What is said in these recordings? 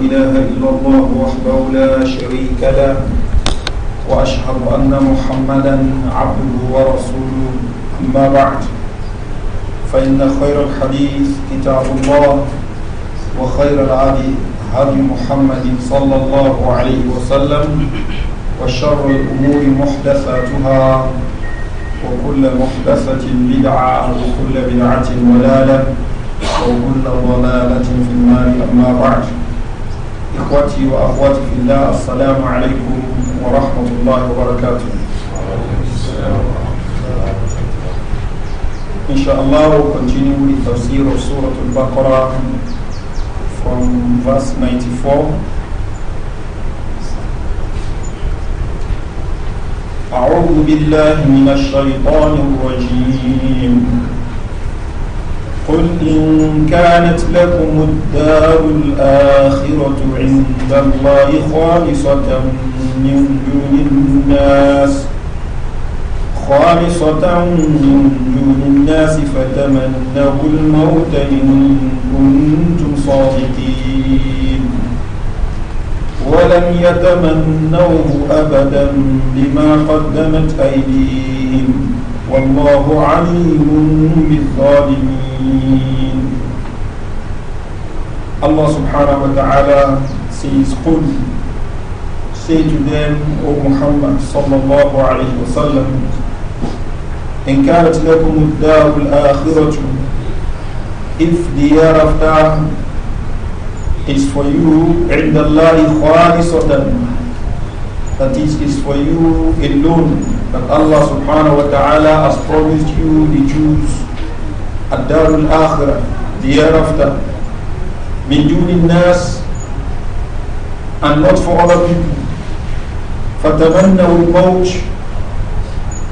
إله إلا الله وحده لا شريك له وأشهد أن محمدا عبده ورسوله أما بعد فإن خير الحديث كتاب الله وخير العدي هدي محمد صلى الله عليه وسلم وشر الأمور محدثاتها وكل محدثة بدعة وكل بدعة ضلالة وكل ضلالة في النار أما بعد إخوتي وأخواتي في الله السلام عليكم ورحمة الله وبركاته إن شاء الله continue with تفسير سورة البقرة from verse 94 أعوذ بالله من الشيطان الرجيم قل إن كانت لكم الدار الآخرة عند الله خالصة من دون الناس خالصة من دون الناس فتمنوا الموت إن كنتم صادقين ولم يتمنوه أبدا بما قدمت أيديهم والله عليم بالظالمين Allah subhanahu wa ta'ala says قل say to them O Muhammad sallallahu alayhi wa sallam إن كانت لكم الدار الآخرة if the year hereafter is for you عند الله خالصة that is is for you alone that Allah subhanahu wa ta'ala has promised you the Jews at Darul Akhirah, the hereafter, min dunin nas and not for other people. فَتَمَنَّوُ الموج.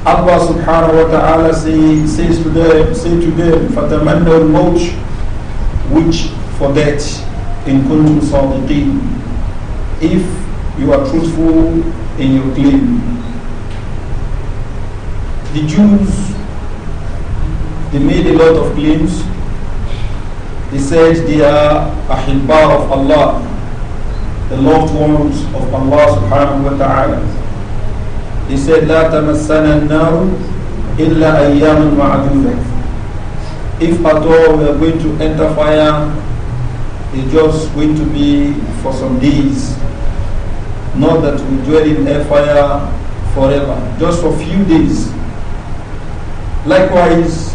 Allah subhanahu wa ta'ala say, says to them, say to them, فَتَمَنَّوُ الموج, which for that in kuntum sadiqeen if you are truthful in your claim the Jews, they made a lot of claims. They said they are ahibba of Allah, the loved ones of Allah subhanahu wa ta'ala. They said, لا تمسنا النار إلا أياما معدودة. If at all we are going to enter fire, it's just going to be for some days. Not that we dwell in hellfire forever, just for a few days. Likewise,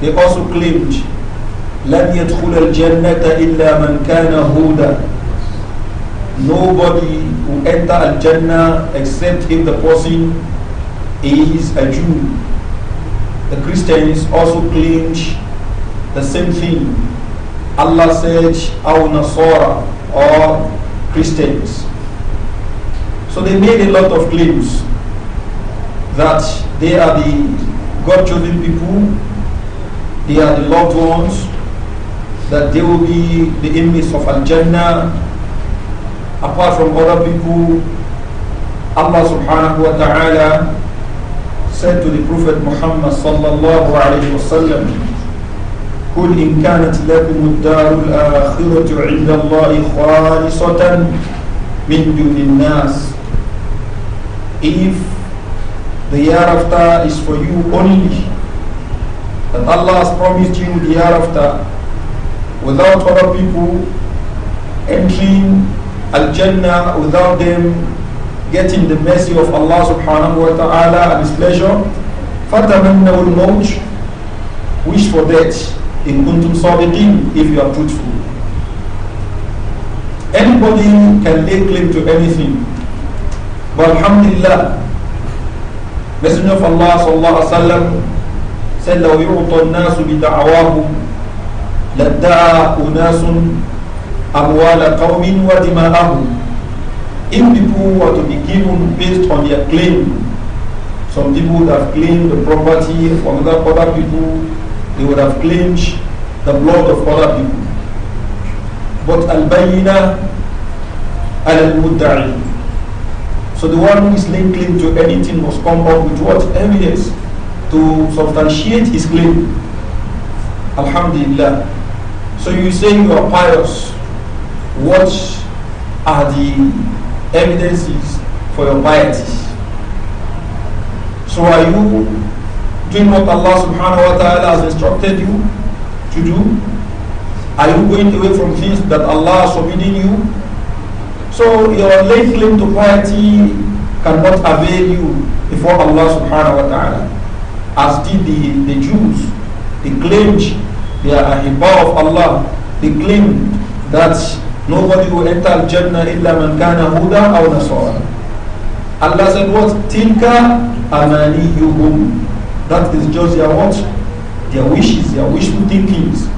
they also claimed, لَنْ يَدْخُلَ الْجَنَّةَ إِلَّا مَنْ كَانَ هُودًا Nobody will enter Al-Jannah except if the person is a Jew. The Christians also claimed the same thing. Allah said, أَوْ Nasara or Christians. So they made a lot of claims that they are the God chosen people, they are the loved ones, that they will be the inmates of Al Jannah. Apart from other people, Allah subhanahu wa ta'ala said to the Prophet Muhammad sallallahu alayhi wa sallam, قل إن كانت لكم الدار الآخرة عند الله خالصة من دون الناس. If the hereafter is for you only. That Allah has promised you the hereafter without other people entering Al-Jannah without them getting the mercy of Allah subhanahu wa ta'ala and His pleasure. فَتَمَنَّوُ الْمَوْجِ Wish for death in kuntum sadiqin if you are truthful. Anybody can lay claim to anything. But alhamdulillah, Messenger of Allah sallallahu alaihi wasallam said لو يعطى الناس بدعواهم لادعى أناس أموال قوم ودماءهم If people were to be given based on their claim, some people would have claimed the property of another other people, they would have claimed the blood of other people. But al-bayina al-mudda'i So the one who is laid claim to anything must come up with what? Evidence to substantiate his claim. Alhamdulillah. So you say you are pious. What are the evidences for your piety? So are you doing what Allah subhanahu wa ta'ala has instructed you to do? Are you going away from things that Allah is forbidding you? So your late claim to piety cannot avail you before Allah subhanahu wa ta'ala. As did the, the Jews. They claimed they are above of Allah. They claimed that nobody will enter Jannah illa man kana huda aw nasara. Allah said what? Tilka amaniyuhum. That is just their what? Their wishes, their wishful thinkings.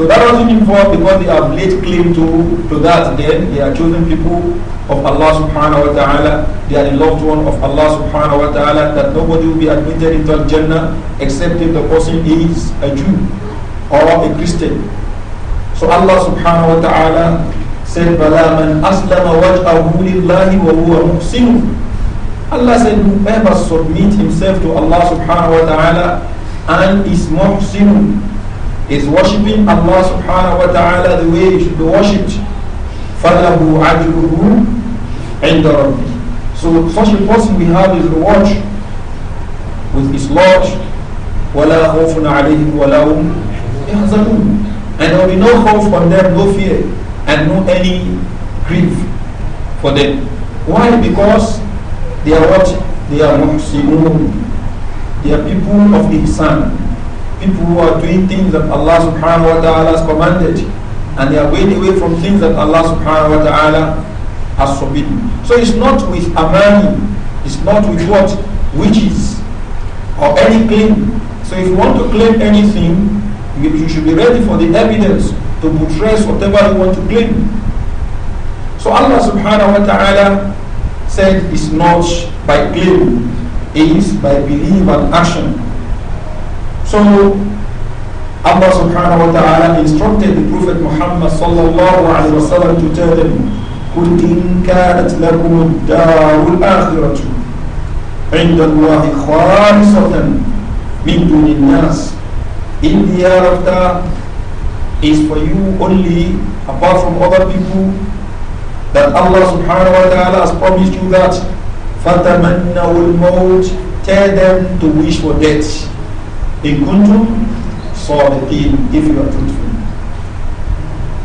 So that doesn't involve because they have laid claim to, to that then they are chosen people of Allah subhanahu wa ta'ala, they are the loved one of Allah subhanahu wa ta'ala, that nobody will be admitted into Jannah except if the person is a Jew or a Christian. So Allah subhanahu wa ta'ala said, Bala man aslama waj'ahu lillahi wa huwa Allah said, whoever submit himself to Allah subhanahu wa ta'ala and is muhsinun." is worshipping Allah subhanahu wa ta'ala the way he should be worshipped. فَلَهُ عَجْرُهُ عِنْدَ رَبِّهِ So such a person we have his reward with his Lord. وَلَا خَوْفٌ عَلَيْهِمْ وَلَا هُمْ يَحْزَنُونَ And there will be no hope on them, no fear, and no any grief for them. Why? Because they are what? They are muhsinun. They are people of the Ihsan people who are doing things that Allah subhanahu wa ta'ala has commanded and they are going away from things that Allah subhanahu wa ta'ala has forbidden. So it's not with Amani, it's not with what? Witches or any claim. So if you want to claim anything, you should be ready for the evidence to buttress whatever you want to claim. So Allah subhanahu wa ta'ala said it's not by claim, it is by belief and action. So Allah subhanahu wa ta'ala instructed the Prophet Muhammad sallallahu alayhi wa sallam to tell them, قُلْ إِنْ كَانَتْ لَكُمُ الدَّارُ الْآخِرَةُ عِنْدَ اللَّهِ خَالِصَةً مِنْ دُونِ النَّاسِ In the hereafter is for you only, apart from other people, that Allah subhanahu wa ta'ala has promised you that فَتَمَنَّوُ الْمَوْتِ Tell them to wish for death. In kuntum sadiqin, if you are truthful.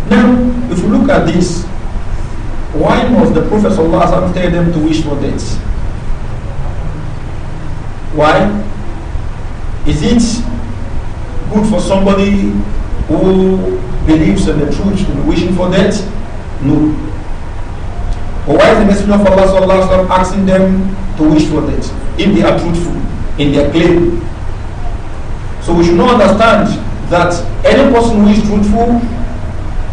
Now, if you look at this, why must the Prophet ﷺ tell them to wish for death? Why? Is it good for somebody who believes in the truth to be wishing for death? No. But why is the Messenger of Allah ﷺ asking them to wish for death if they are truthful in their claim so we should not understand that any person who is truthful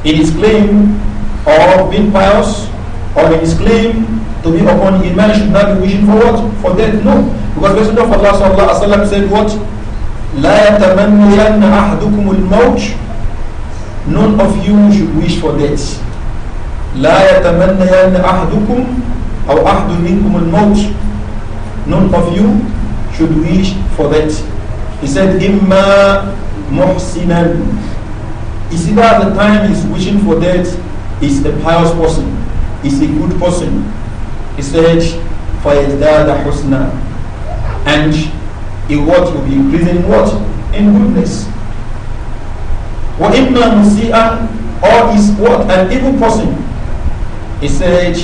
in his claim or being pious or in his claim to be upon Iman should not be wishing for what? For death? No. Because Messenger of Allah sallallahu alayhi wa said what? لا يتمنين أحدكم الموت None of you should wish for death. لا يتمنين أحدكم أو أحد منكم الموت None of you should wish for death. He said, Imma muhsinan. Is it that the time he's wishing for that, is a pious person, is a good person? He said, Fayazdada husna. And in what will be increasing what? In goodness. Wa imma musi'an or is what? An evil person. He said,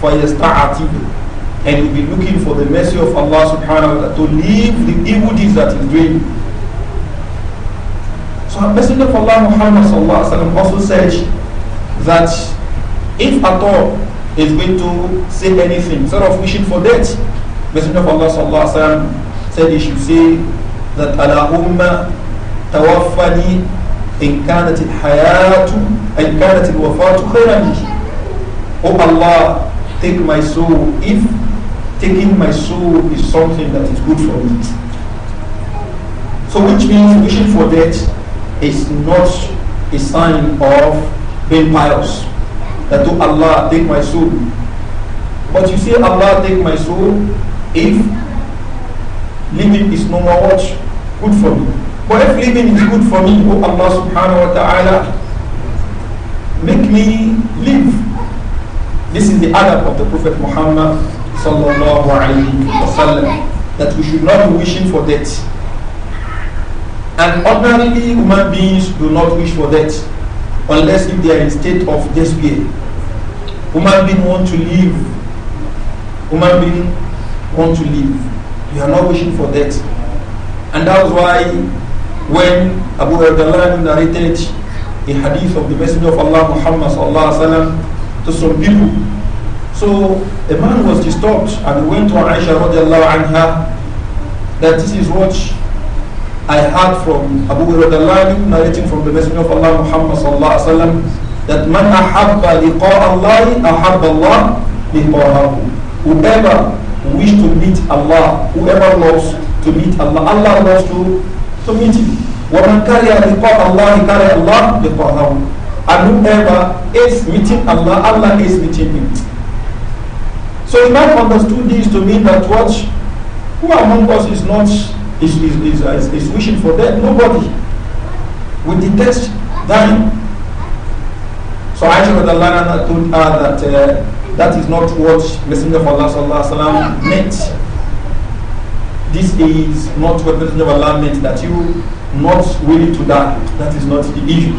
Fayasta'atibu and you'll be looking for the mercy of Allah subhanahu wa ta'ala to leave the evil deeds that he's doing. So Messenger of Allah Muhammad sallallahu alayhi wa also said that if at all is going to say anything, instead of wishing for death, Messenger of Allah sallallahu alayhi wa said he should say that Allahumma tawaffani in kanat al-hayatu in kanat al-wafatu khairan Oh Allah, take my soul if taking my soul is something that is good for me. So which means wishing for death is not a sign of being pious. That to oh, Allah take my soul. But you say Allah take my soul if living is no more Good for me. But if living is good for me, oh Allah subhanahu wa ta'ala, make me live. This is the adab of the Prophet Muhammad sallallahu wasallam that we should not be wishing for death. And ordinarily human beings do not wish for death unless if they are in state of despair. Human beings want to live. Human beings want to live. You are not wishing for death. And that was why when Abu Abdullah narrated a hadith of the Messenger of Allah Muhammad to some people so a man was disturbed and he went to Aisha radiallahu anha that this is what I heard from Abu Hurairah narrating from the Messenger of Allah Muhammad sallallahu alaihi wasallam that man ahabba liqa Allah ahabba Allah liqa'ahu whoever wishes to meet Allah whoever loves to meet Allah Allah loves to to meet him وَمَنْ كَرِيَ لِقَاءَ اللَّهِ كَرِيَ اللَّهِ لِقَاءَهُ and whoever is meeting Allah Allah is meeting him so he might understood this to mean that what who among us is not is, is, is, is, is wishing for death? Nobody. We detest dying. So Aisha radiallahu told her uh, that uh, that is not what Messenger of Allah sallallahu alaihi wasallam meant. This is not what Messenger of Allah meant that you not willing to die. That is not the issue.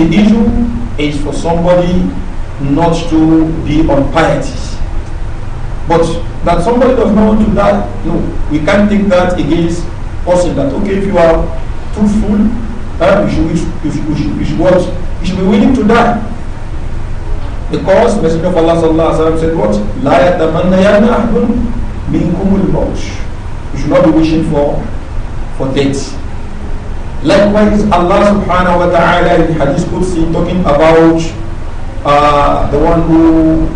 The issue is for somebody not to be on piety. But that somebody does not want to die, no. We can't take that against person that, okay, if you are too full, uh, you, should, you, should, you, should, you should watch. You should be willing to die. Because Messenger of Allah sallallahu alayhi wa said what? لا يتمنين أحد منكم You should not be wishing for, for death. Likewise, Allah subhanahu wa ta'ala in Hadith Qudsi talking about uh, the one who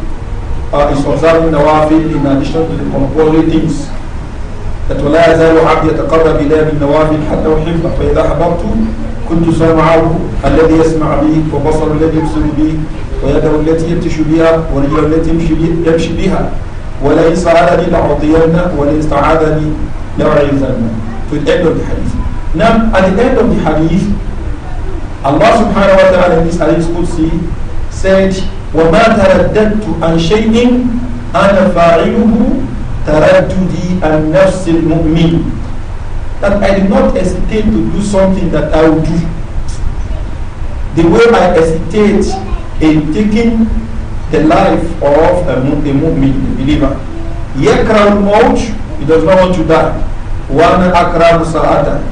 uh, is observing nawafil in addition to the compulsory things. That ولا يزال عبد يتقرب إلي بالنوافل حتى أحبه فإذا أحببته كنت سمعه الذي يسمع به وبصر الذي يبصر به ويده التي يبتش بها ورجله التي يمشي بها ولئن سألني لأعطينا ولئن استعاذني لأعيذنا في الأند أوف الحديث نعم hadith. Now, at the end of the hadith, Allah subhanahu wa ta'ala in this hadith Qudsi said, وما ترددت عن شيء أنا فاعله ترددي عن نفس المؤمن that I did not hesitate to do something that I would do. The way I hesitate in taking the life of a, a mu'min, a believer. Yakral he does not want to die. One akram sa'ata,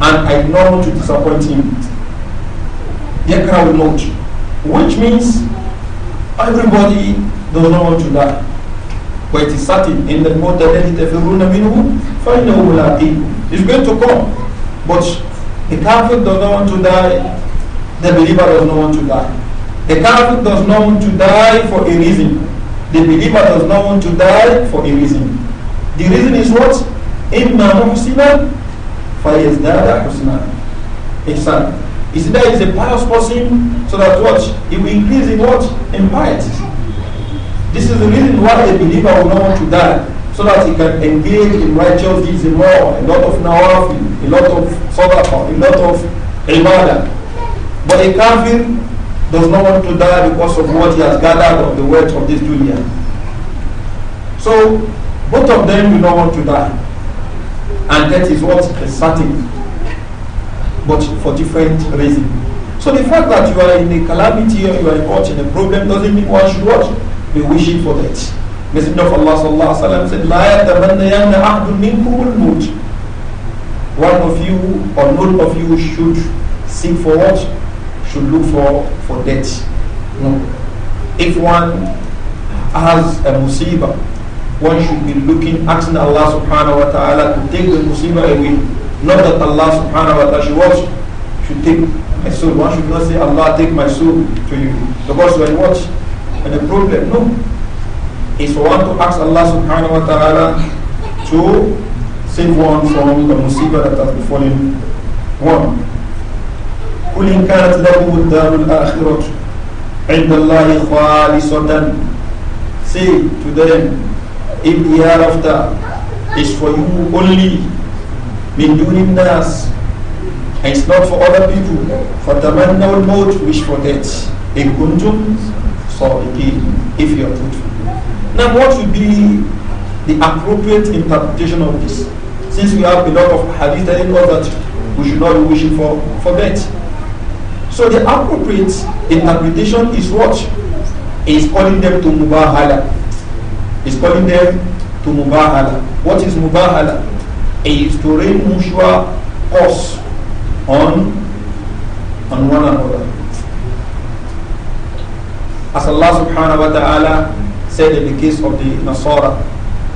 and I do not want to disappoint him. Yakral maut, which means Everybody does not want to die. But it is certain in the mode that تَفِرُّونَ مِنْهُ It's going to come. But the Catholic does not want to die. The believer does not want to die. The Catholic does not want to die for a reason. The believer does not want to die for a reason. The reason is what? إِمَّا مُحْسِنًا فَيَزْدَادَ حُسْنًا Exactly. His dad a pious person so that what? He will increase in what? In piety. This is the reason why the believer will not want to die, so that he can engage in righteous deeds and law, a lot of nawafil, a lot of sadaqah, a lot of ibadah. But a kafir does not want to die because of what he has gathered of the wealth of this dunya. So both of them do not want to die. And that is what is certain but for different reasons. So the fact that you are in a calamity or you are in a problem doesn't mean one should watch Be wishing for that. Messenger of Allah sallallahu alaihi wasallam said, "La minkum One of you or none of you should seek for what? Should look for for death. No. If one has a musibah, one should be looking, asking Allah subhanahu wa ta'ala to take the musibah away. Not that Allah subhanahu wa ta'ala should watch, should take my soul. One should not say, Allah take my soul to you. Because when what? and the problem, no. It's for one to ask Allah subhanahu wa ta'ala to save one from the musibah that has befallen one. قل إن كانت له الدار الآخرة عند الله خالصة Say to them, if the hereafter is for you only, min dunin And it's not for other people. for the فَتَمَنَّوْا الْمَوْتِ Wish for death. إِن كُنْتُمْ again. If you are truthful. Now what would be the appropriate interpretation of this? Since we have a lot of hadith telling us that we should not be wishing for, for death. So the appropriate interpretation is what? Is calling them to mubahala. Is calling them to mubahala. What is mubahala? is to rain mutual on, on one another. As Allah subhanahu wa ta'ala said in the case of the Nasara,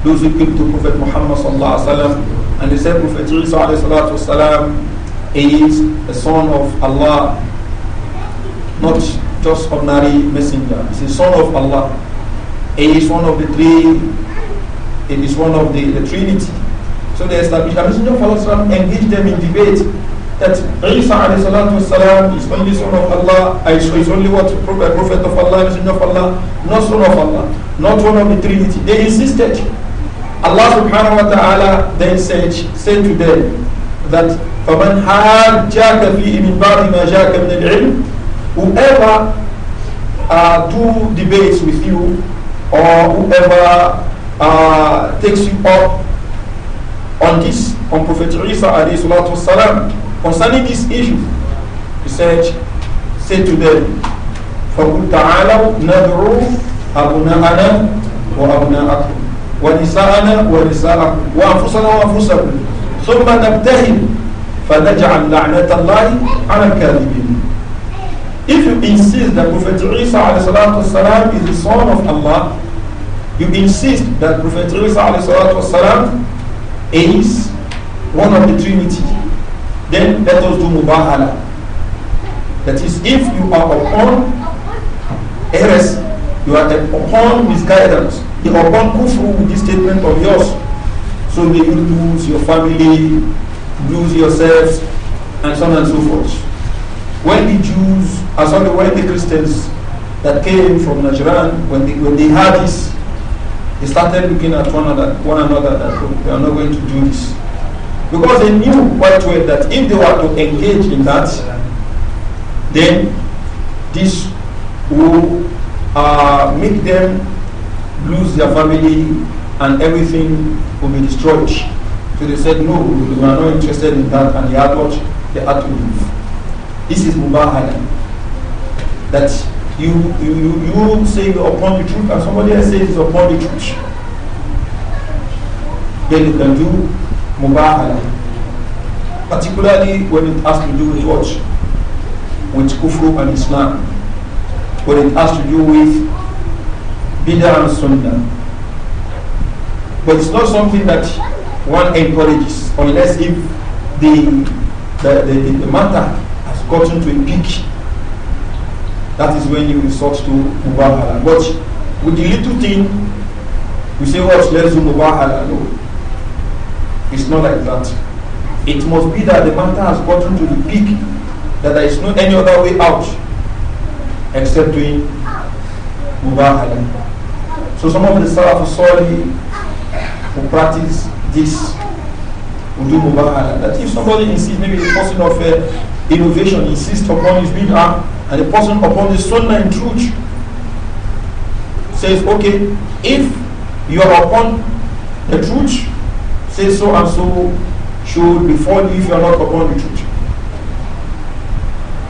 those who came to Prophet Muhammad sallallahu alaihi and they said Prophet Isa alayhi salatu wasalam is a son of Allah, not just ordinary messenger. He's a son of Allah. He is one of the three. It is one of the, the Trinity. So they established. The Messenger of Allah engaged them in debate that Isa والسلام, is only son of Allah, uh, Isa is only what uh, prophet of Allah, messenger of Allah, not son of Allah, not one of the Trinity. They insisted. Allah subhanahu wa ta'ala then said, said to them that فَمَنْ حَاجَّاكَ فِيهِ مِنْ بَعْدِ مَا جَاكَ مِنَ الْعِلْمِ Whoever uh, do debates with you or whoever uh, takes you up on this, on Prophet Isa والسلام, concerning this issue. He said, say to them, فَقُلْ تَعَالَوْا نَذْرُوا أَبْنَاءَنَا وَأَبْنَاءَكُمْ ونساءنا ونساءكم وأنفسنا وأنفسكم ثم نبتهل فنجعل لعنة الله على الكاذبين If you insist that Prophet Isa والسلام, is the son of Allah, you insist that Prophet Isa والسلام, Ace, one of the Trinity, then let us do Mubahala. That is, if you are upon heresy, you are upon misguidance, you are upon Kufu with this statement of yours. So may you lose your family, lose yourselves, and so on and so forth. When the Jews, as uh, well when the Christians that came from Najran, when they, when they had this they started looking at one another, one another that we are not going to do this. Because they knew quite well that if they were to engage in that, then this will uh, make them lose their family and everything will be destroyed. So they said, no, we are not interested in that. And they had They had to leave. This is Mubarak. That you, you, you, say upon the truth and somebody else says it's upon the truth. Then you can do mubahala. Particularly when it has to do with what? With kufru and Islam. When it has to do with bidah and sunnah. But it's not something that one encourages unless if the, the, the, the matter has gotten to a peak that is when you resort to mubahala. But with the little thing, we say, what, let's do mubahala. No. It's not like that. It must be that the matter has gotten to the peak that there is no any other way out except doing mubahala. So some of the Salaf Sali who practice this will do mubahala. That if somebody insists, maybe the person of uh, innovation insists upon his up and the person upon the sunnah in truth says, okay, if you are upon the truth, say so and so should befall you if you are not upon the truth.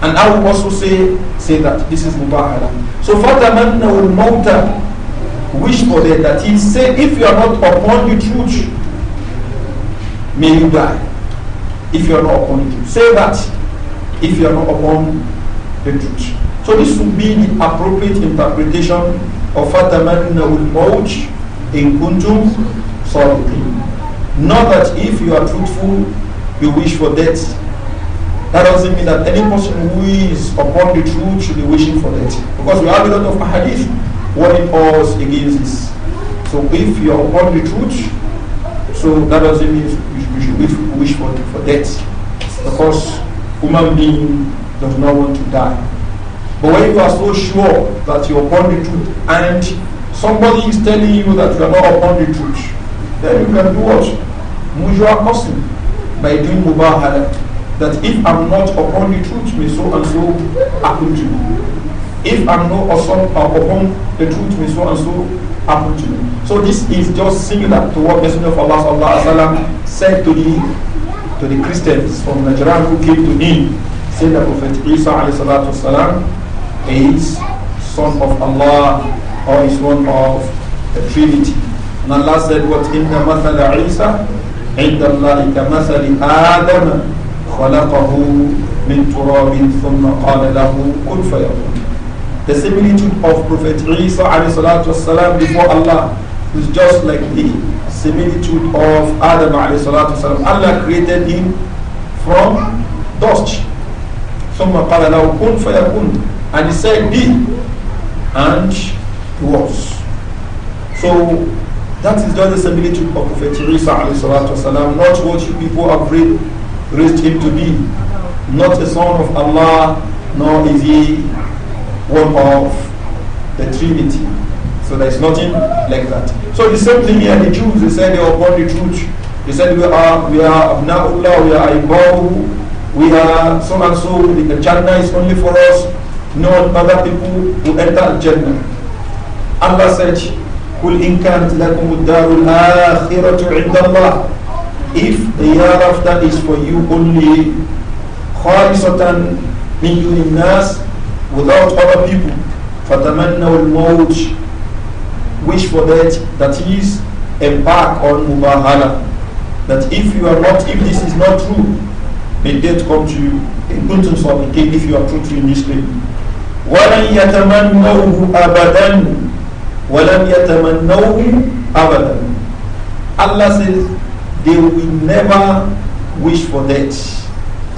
And I will also say say that this is mubahala. So fatamanna will mauta wish for that that he say if you are not upon the truth, may you die. If you are not upon the truth. Say that if you are not upon the truth. So this would be the appropriate interpretation of فَتَمَنَّهُ الْمَوْجِ in كُنْتُمْ صَادِقِينَ Not that if you are truthful, you wish for death. That doesn't mean that any person who is upon the truth should be wishing for death. Because we have a lot of hadith warning us against this. So if you are upon the truth, so that doesn't mean you should wish for, death. Because human being does not want to die. But when you are so sure that you're upon the truth and somebody is telling you that you are not upon the truth, then you can do what? Mutual cursing by doing mubahala. That if I'm not upon the truth, may so and so happen to me. If I'm not also uh, upon the truth, may so and so happen to me. So this is just similar to what Messenger of Allah sallam, said to the to the Christians from Najran who came to him say that Prophet Isa والسلام, is son of Allah or is one of the Trinity. And Allah said, What in the Mathal Isa? عند الله كمثل آدم خلقه من تراب ثم قال له كن فيكون The similitude of Prophet Isa والسلام, before Allah is just like the similitude of Adam والسلام. Allah created him from dust. ثم قال له كن فيكون and he said be and was so that is just the similitude of Prophet Isa والسلام, not what you people have read, raised him to be not a son of Allah nor is he one of the Trinity so there is nothing like that so the same thing here the Jews they said they are upon the truth they said we are we are Abna'ullah we are Ibahu we are so and so, the Jannah is only for us, not other people who enter Jannah. Allah said, قل إن كانت لكم الدار الآخرة عند الله If the hereafter is for you only خالصة من دون الناس without other people فتمنوا الموت wish for that that is embark on mubahala that if you are not if this is not true may death come to you in kuntum sadiqin if you are put in this statement ولن يتمنوه أبدا ولن يتمنوه أبدا Allah says they will never wish for that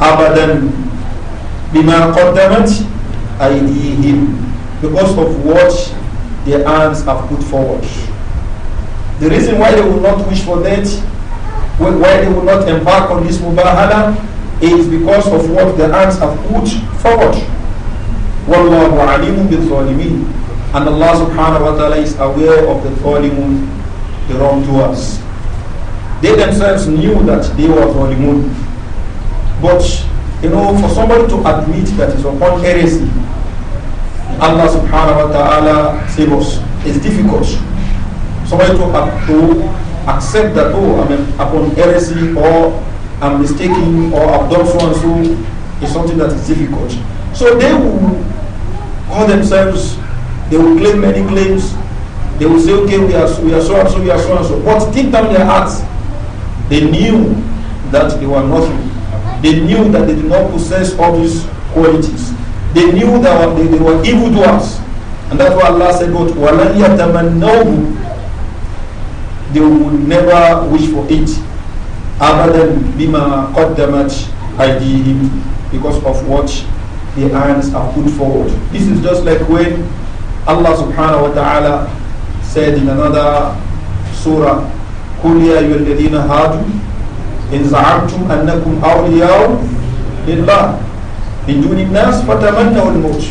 abadan بما قدمت أيديهم because of what their hands have put forward the reason why they will not wish for that why they will not embark on this mubahala it is because of what the ants have put forward. Wallahu alimun bil And Allah subhanahu wa ta'ala is aware of the zalimun, the wrongdoers. They themselves knew that they were zalimun. But, you know, for somebody to admit that is upon heresy, Allah subhanahu wa ta'ala save us. It's difficult. Somebody to, to accept that, oh, I mean, upon heresy or I'm mistaken or I've so and is something that is difficult. So they will call themselves, they will claim many claims, they will say, okay, we are, we are so and so, we are so and so. But deep down their hearts, they knew that they were nothing. They knew that they did not possess all these qualities. They knew that they, they were doers, And that's why Allah said, "But What They will never wish for it. abadan bima qaddamat aydihim because of what the hands are put forward. This is just like when Allah subhanahu wa ta'ala said in another surah, قُلْ يَا أَيُّهَا الَّذِينَ هَادُوا إِنْ زَعَمْتُمْ أَنَّكُمْ أَوْلِيَاءُ لِلَّهِ مِنْ دُونِ النَّاسِ فَتَمَنَّوُا الْمَوْتَ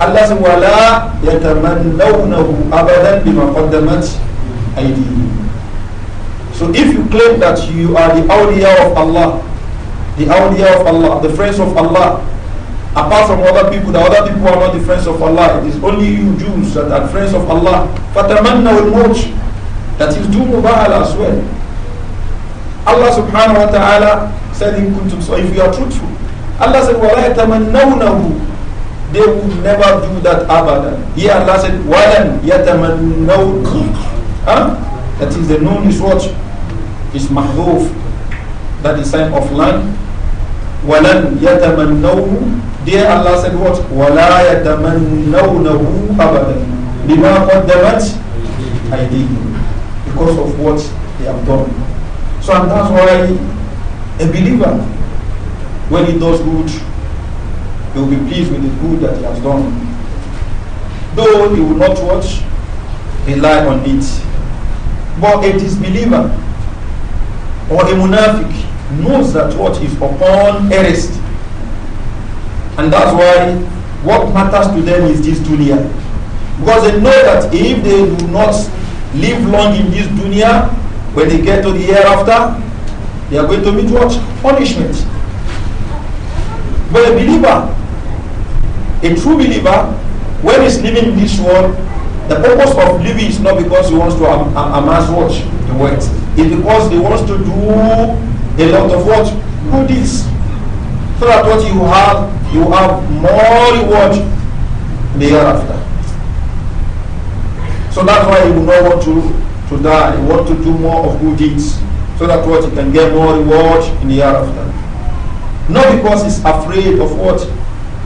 Allah said, وَلَا يَتَمَنَّوْنَهُ أَبَدًا بِمَا قَدَّمَتْ أَيْدِيهِمْ so if you claim that you are the awliya of Allah, the awliya of Allah, the friends of Allah, apart from other people, the other people are not the friends of Allah. It is only you Jews that are friends of Allah. Fatamanna will watch. That is do mubahala as well. Allah subhanahu wa ta'ala said in kuntum, so if you are truthful, Allah said, وَلَا يَتَمَنَّوْنَهُ They will never do that abadan. Here Allah said, وَلَنْ يَتَمَنَّوْنَهُ huh? That is the known is what? is that That is sign of land. وَلَنْ يَتَمَنَّوْهُ Dear Allah said what? وَلَا يَتَمَنَّوْنَهُ أَبَدًا بِمَا قَدَّمَتْ أَيْدِيهِمْ Because of what they have done. So and that's why a believer, when he does good, he will be pleased with the good that he has done. Though he will not watch, rely on it. But a disbeliever, or a munafiq knows that what is upon arrest, And that's why what matters to them is this dunya. Because they know that if they do not live long in this dunya, when they get to the hereafter, they are going to meet what? Punishment. But a believer, a true believer, when he's living in this world, the purpose of living is not because he wants to am am amass what? The wealth is because he wants to do a lot of what? Good deeds. So that what you have, you have more reward the year after. So that's why he will not want to, to die. He want to do more of good deeds. So that what he can get more reward in the year after. Not because he's afraid of what?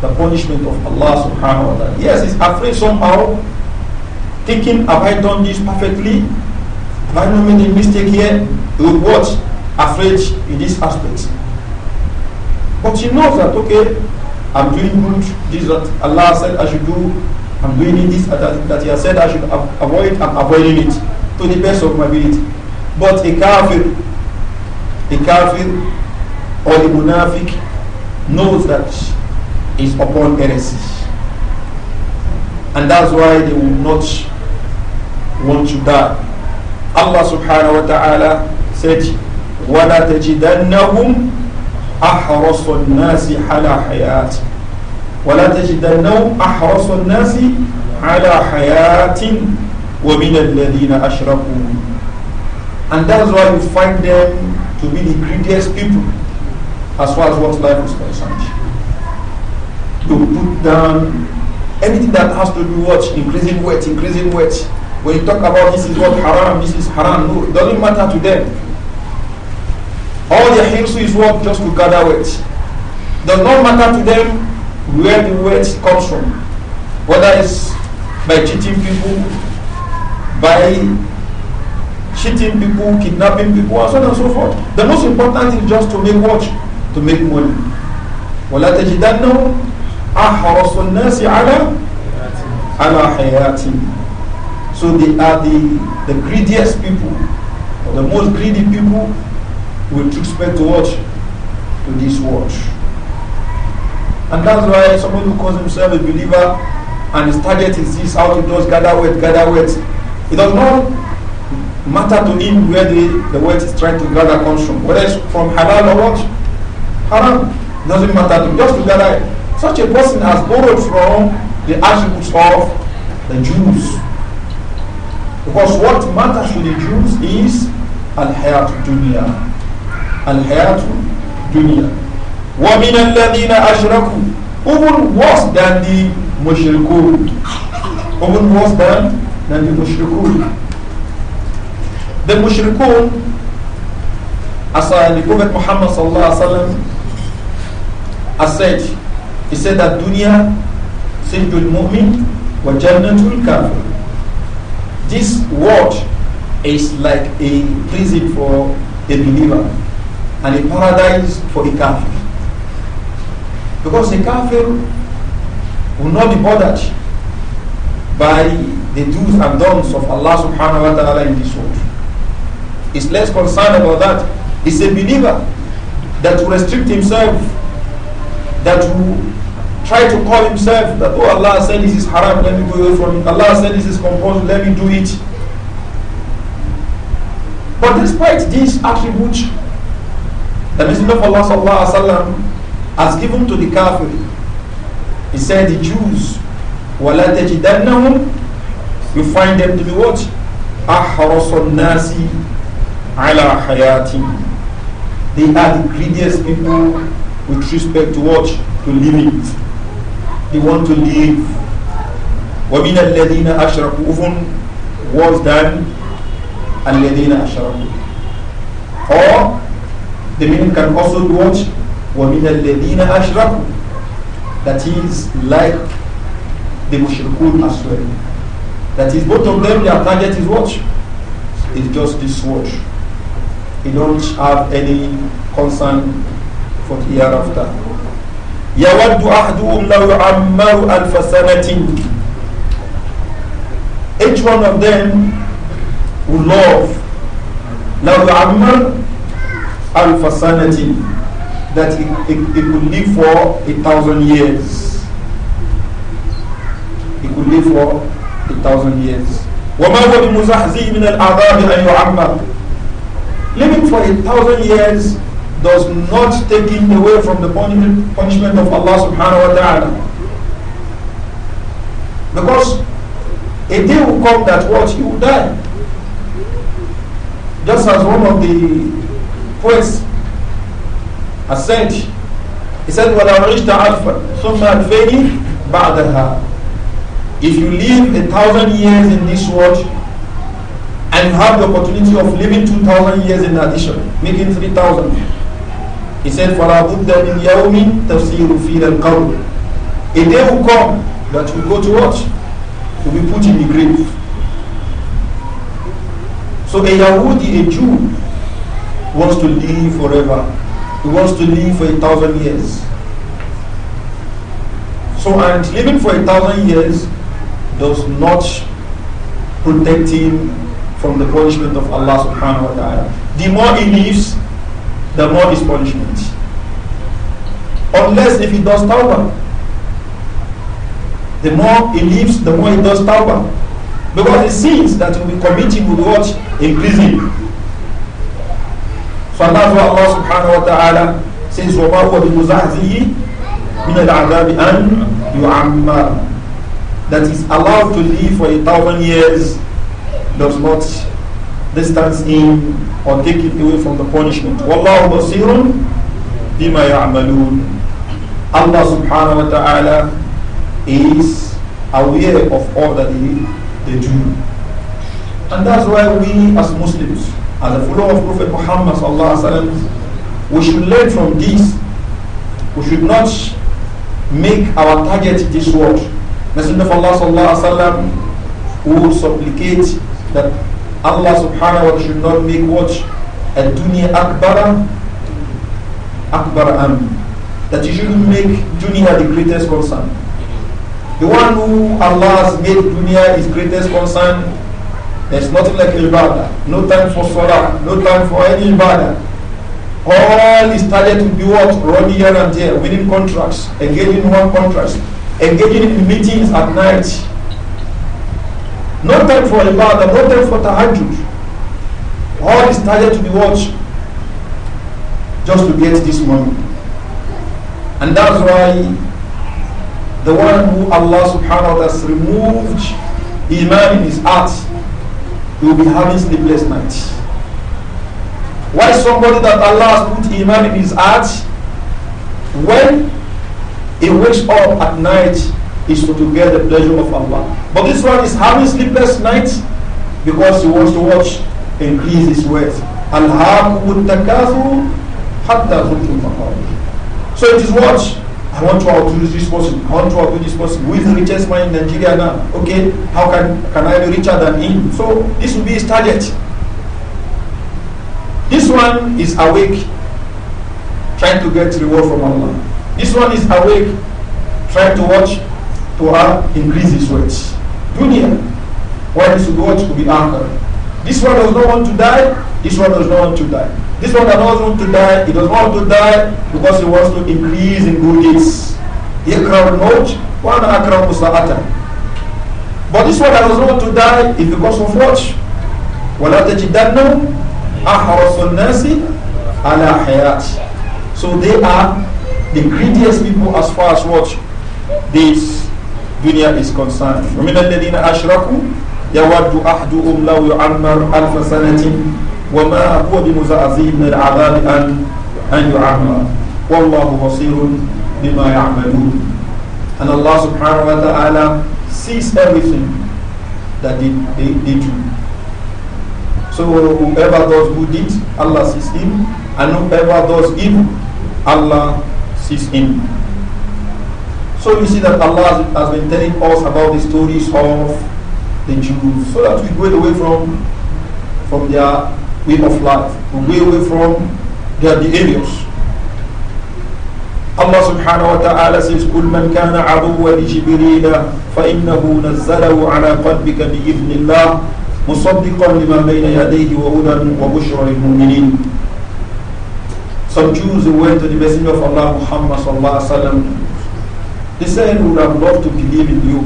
The punishment of Allah subhanahu wa ta'ala. Yes, he's afraid somehow. Thinking, have I done this perfectly? But not made a mistake here, he would what? Afraid in this aspect. But he knows that, okay, I'm doing good, this is what Allah said I should do, I'm doing this that, that he has said I should avoid, I'm avoiding it to the best of my ability. But a kafir, a kafir or a munafiq knows that is upon heresy. And that's why they will not want to die. الله سبحانه وتعالى سيتي ولا تجدنهم أحرص الناس على حياة ولا تجدنهم أحرص الناس على حياة ومن الذين أشركوا and that's why you find them to be the greediest people as far as what life is concerned you put down anything that has to do with increasing weight increasing weight When you talk about this is what haram, this is haram, no, it doesn't matter to them. All their hirsu is what? Just to gather weight. Does not matter to them where the weight comes from. Whether it's by cheating people, by cheating people, kidnapping people, and so on and so forth. The most important is just to make what? To make money. ولا تجدنهم أحرص الناس على على حياتهم so they are the, the greediest people, or the most greedy people with respect to watch To this watch, And that's why someone who calls himself a believer and his target is this, how he does gather wealth, gather wealth. It does not matter to him where the, the wealth is trying to gather comes from, whether it's from halal or what. Haram it doesn't matter to him. Just to gather it. Such a person has borrowed from the attributes of the Jews because what matters to the Jews is al-hayat dunya. Al-hayat dunya. وَمِنَ الَّذِينَ أَشْرَكُوا Even worse than the mushrikun. Even worse than, than the mushrikun. The mushrikun, as uh, the Prophet Muhammad sallallahu alaihi wasallam has said, he said that dunya sijjul mu'min wa jannatul kafir this world is like a prison for a believer and a paradise for a kafir. Because a kafir will not be bothered by the do's and don'ts of Allah subhanahu wa ta'ala in this world. He's less concerned about that. He's a believer that will restrict himself, that will try to call himself that, oh, Allah said this is haram, let me go away from it. Allah said this is compulsory, let me do it. But despite these attributes the Messenger of Allah sallallahu alaihi has given to the kafir, he said the Jews, وَلَا تَجِدَنَّهُمْ You find them to be what? أَحْرَصُ Nasi, ala Hayati. They are the greediest people with respect to what? To living they want to leave. وَمِنَ الَّذِينَ أَشْرَكُوا Even worse than الَّذِينَ أَشْرَكُوا Or the meaning can also be what? وَمِنَ الَّذِينَ أَشْرَكُوا That is like the mushrikun as well. That is both of them their target is what? It's just this watch. They don't have any concern for the hereafter. يود أحدهم لو يعمر ألف سنة each one of them would love لو يعمر ألف سنة that it, it, it could live for a thousand years it could live for a thousand years وما هو بمزحزح من الأعذاب أن يعمر living for a thousand years does not take him away from the punishment of Allah subhanahu wa ta'ala. Because a day will come that what he will die. Just as one of the poets has said, he said, i رِجْتَ عَلْفًا ثُمَّ أَلْفَيْنِ بَعْدَهَا If you live a thousand years in this world, and you have the opportunity of living 2,000 years in addition, making 3,000, he said, فَلَا that in يَوْمٍ تَفْسِيرُ فِي الْقَوْمِ A day will come that will go to what? Will be put in the grave. So a Yahudi, a Jew, wants to live forever. He wants to live for a thousand years. So, and living for a thousand years does not protect him from the punishment of Allah subhanahu wa ta'ala. The more he lives, the more is punishment. Unless if he does tawbah. The more he lives, the more he does tawbah. Because the sins that he will be committed will be what? Increasing. So that's why Allah subhanahu wa ta'ala says, wa bi هُوَ min al الْعَذَابِ an يُعَمَّرُ that is allowed to live for a thousand years does not distance him or take it away from the punishment. Wallahu basirun bima ya'malun. Allah subhanahu wa ta'ala is aware of all that they, they do. And that's why we as Muslims, as a follower of Prophet Muhammad sallallahu alaihi wasallam, we should learn from this. We should not make our target this world. Messenger of Allah sallallahu alaihi wasallam who supplicate that Allah subhanahu wa ta'ala should not make what? A dunya akbara, akbara ambi. That you shouldn't make dunya the greatest concern. The one who Allah has made dunya his greatest concern, there's nothing like ibadah. No time for salah, no time for any ibadah. All is started to be what? Running here and there, winning contracts, engaging in one contracts, engaging in meetings at night. No time for ibadah, no time for tahajjud. All is tired to be watched, just to get this money. And that's why the one who Allah subhanahu wa ta'ala has removed Iman in his heart, he will be having sleepless nights. Why somebody that Allah has put Iman in his heart, when he wakes up at night, is to get the pleasure of Allah. But this one is having sleepless nights because he wants to watch increase his wealth. So it is what? I want to outdo this person. I want to outdo this person. Who is the richest man in Nigeria now? Okay, how can, can I be richer than him? So this will be his target. This one is awake, trying to get reward from Allah. This one is awake, trying to watch to have increase his wealth. Dunya, what is what to be anchored. This one does not want to die, this one does not want to die. This one does not want to die, he does not want to die because he wants to increase in good deeds. crowd Moj, one Akram Musa'atan. But this one does not want to die is because of what? وَلَا تَجِدَنَّ أَحْرَصُ النَّاسِ عَلَى حَيَاتِ So they are the greediest people as far as what? This dunya is concerned. وَمِنَ الَّذِينَ أَشْرَكُوا يَوَدُّ أَحْدُهُمْ لَوْ يُعَمَّرْ أَلْفَ سَنَةٍ وَمَا هُوَ بِمُزَعْزِهِ مِنَ الْعَذَابِ أَنْ أَنْ يُعَمَّرْ وَاللَّهُ بَصِيرٌ بِمَا يَعْمَلُونَ And Allah subhanahu wa ta'ala sees everything that they, they, they do. So whoever does good deeds, Allah sees him. And whoever does evil, Allah sees him. So you see that Allah has been telling us about the stories of the Jews so that we go away from from their way of life, we go away from their behaviors. Allah subhanahu wa ta'ala says, قُلْ مَنْ كَانَ عَدُوًا لِجِبْرِيلَ فَإِنَّهُ نَزَّلَهُ عَلَى قَلْبِكَ بِإِذْنِ اللَّهِ مُصَدِّقًا لِمَا بَيْنَ يَدَيْهِ وَهُدًى وَبُشْرًا لِلْمُؤْمِنِينَ Some Jews went to the Messenger of Allah Muhammad صلى الله عليه وسلم. The same would have loved to believe in you.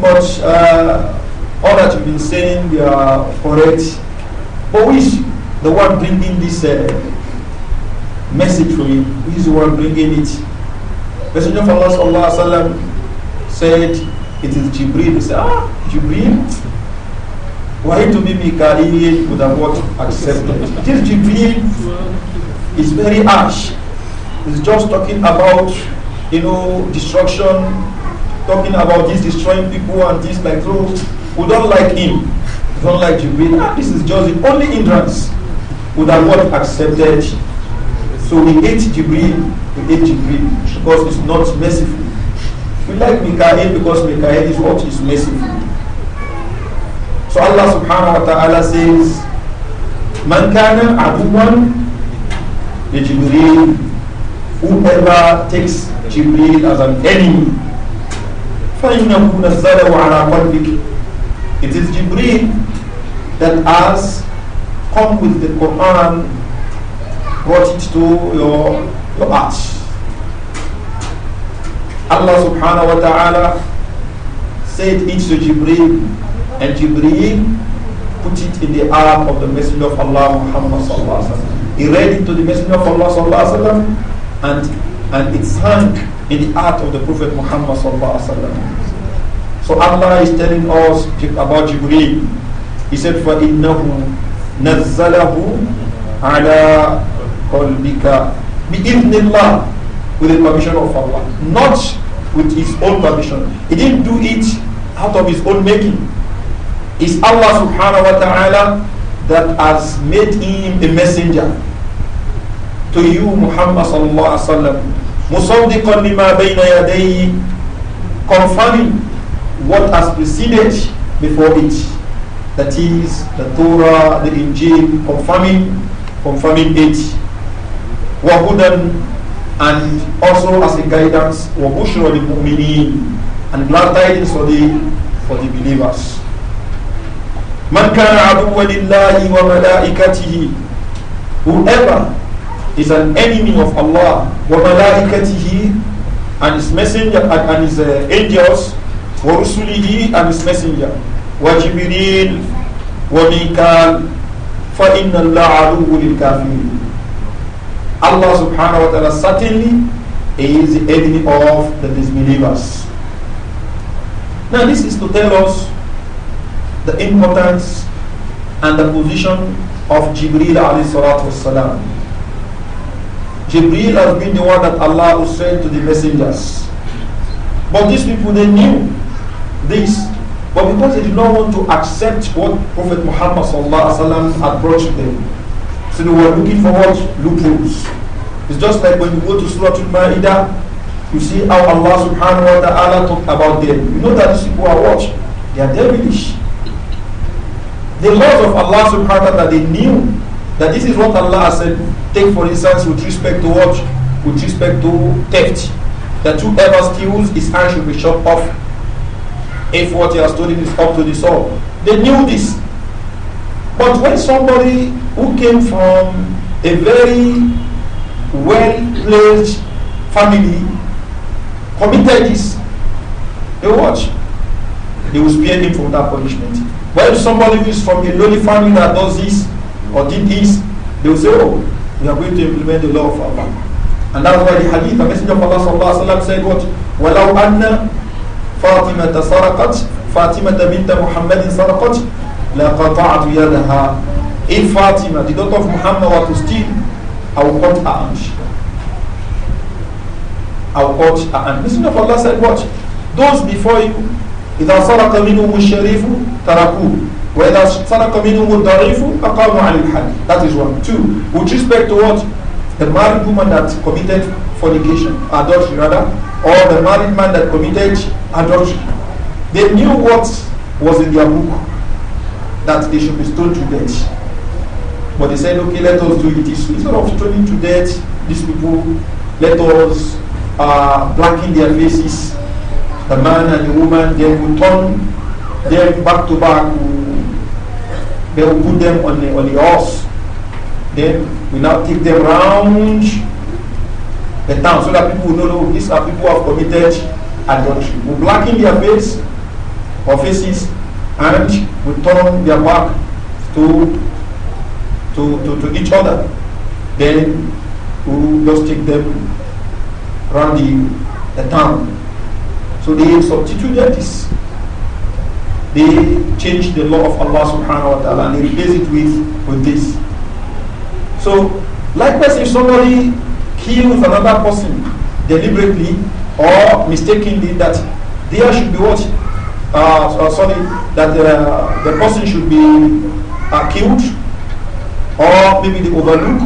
But uh, all that you've been saying, they are correct. But who is the one bringing this uh, message for you? Who is the one bringing it? Messenger of Allah sallallahu alaihi wasallam said, "It is Jibril." He said, "Ah, Jibril." Why to be Mikael would have not accepted? This Jibril is very harsh. He's just talking about you know, destruction, talking about this destroying people and this like those. we don't like him. We don't like Jibril. this is just the only hindrance would have not accepted. So we hate Jibril, we hate Jibril because it's not merciful. We like Mikael because Mikael is what is merciful. So Allah subhanahu wa ta'ala says, Man kana aduwan Jibril, whoever takes Jibril as an enemy. فَإِنَّهُ نَزَّلَهُ عَلَىٰ قَلْبِكِ It is Jibril that has come with the Quran, brought it to your, your heart. Allah subhanahu wa ta'ala said it to Jibril, and Jibril put it in the heart of the Messenger of Allah Muhammad sallallahu alaihi wasallam. He read it to the Messenger of Allah sallallahu alaihi wasallam, and and it's hung in the heart of the Prophet Muhammad So Allah is telling us about Jibreel. He said, "For فَإِنَّهُ نَزَّلَهُ عَلَىٰ قَلْبِكَ بِإِذْنِ اللَّهِ With the permission of Allah. Not with his own permission. He didn't do it out of his own making. It's Allah subhanahu wa ta'ala that has made him a messenger to you Muhammad sallallahu alaihi wasallam Musaddiqan lima bayna yadayhi, confirming what has preceded before it. That is the Torah, the Injil, confirming, confirming it. Wahudan and also as a guidance, wabushra lil mu'minin, and glad tidings for the for the believers. Man kana aduwa lillahi wa malaikatihi, whoever is an enemy of Allah wa malaikatihi and his messenger and his uh, angels wa rusulihi and his messenger wa jibril wa mikal fa inna Allah aduwwu lil kafirin Allah subhanahu wa ta'ala certainly is the enemy of the disbelievers now this is to tell us the importance and the position of Jibril alayhi salatu wasalam Jibril has been the one that Allah will send to the messengers. But these people, they knew this. But because they did not want to accept what Prophet Muhammad had brought to them, so they were looking for what? Loopholes. It's just like when you go to Surah Al-Ma'idah, you see how Allah subhanahu wa ta'ala talked about them. You know that these people are what? They are devilish. The laws of Allah subhanahu wa ta'ala, they knew that this is what Allah said Take for instance with respect to what? With respect to theft. the whoever steals his hand should be chopped off. If what he has stolen is up to the soul. They knew this. But when somebody who came from a very well-placed family committed this, they watch. They will spare him from that punishment. But if somebody who is from a lonely family that does this or did this, they will say, oh, we are going to implement the law of Allah. And that's why the hadith, the Messenger of Allah sallallahu alayhi wa said what? وَلَوْ أَنَّ فَاطِمَةَ سَرَقَتْ فَاطِمَةَ بِنْتَ مُحَمَّدٍ سَرَقَتْ لَقَطَعْتُ يَدَهَا If Fatima, the daughter of Muhammad, were to steal, I will cut her hand. I will cut her hand. Messenger of Allah said what? Those before you, إِذَا سَرَقَ مِنُهُ الشَّرِيفُ تَرَكُوهُ Whether سلك منهم الضعيف That is one. Two, with respect to what? The married woman that committed fornication, adultery rather, or the married man that committed adultery. They knew what was in their book, that they should be stoned to death. But they said, okay, let us do it this way. Instead of stoning to death these people, let us uh, blacken their faces. The man and the woman, they will turn them back to back, they will put them on the, on the horse. Then we now take them round the town so that people will know, no, these are people who have committed adultery. We blacken their face or faces and we turn their back to, to, to, to each other. Then we just take them around the, the town. So they substituted this they change the law of Allah subhanahu wa ta'ala and replace it with, with this. So, likewise, if somebody kills another person deliberately or mistakenly, that there should be what? Uh, uh, sorry, that uh, the person should be uh, killed or maybe they overlook,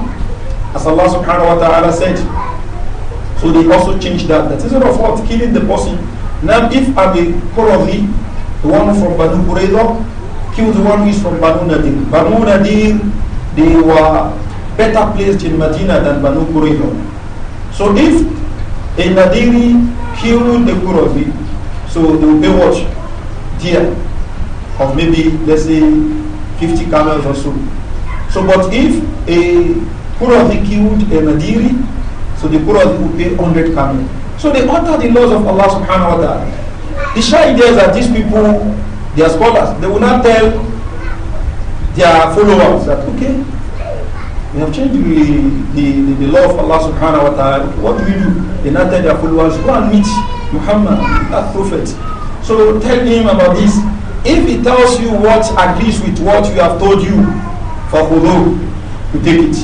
as Allah subhanahu wa ta'ala said. So they also change that. That instead of what killing the person, now if be Qurazi The one from Banu Qurayza killed the one who is from Banu Nadir. Banu Nadir, they were better placed in Medina than Banu Qurayza. So if a Nadiri killed the Qurazi, so they will pay watch, Dear of maybe, let's say, 50 camels or so. So, but if a Qurazi killed a Nadiri, so the Qurazi will pay 100 camels. So they utter the laws of Allah subhanahu wa ta'ala. The sure idea is that these people, they are scholars. They will not tell their followers that, okay, we have changed the, the, the, the, law of Allah subhanahu wa ta'ala. What do we do? They not tell their followers, go and meet Muhammad, that prophet. So tell him about this. If he tells you what agrees with what you have told you, for Hudu, you take it.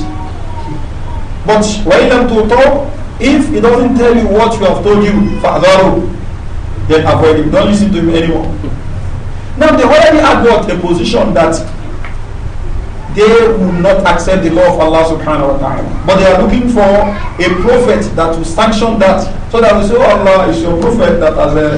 But to talk, If he doesn't tell you what you have told you, فَأْذَرُوا then avoid him. Don't listen to him anymore. Now they already have what a position that they will not accept the law of Allah subhanahu wa ta'ala. But they are looking for a prophet that will sanction that so that they say, oh Allah is your prophet that has a, uh,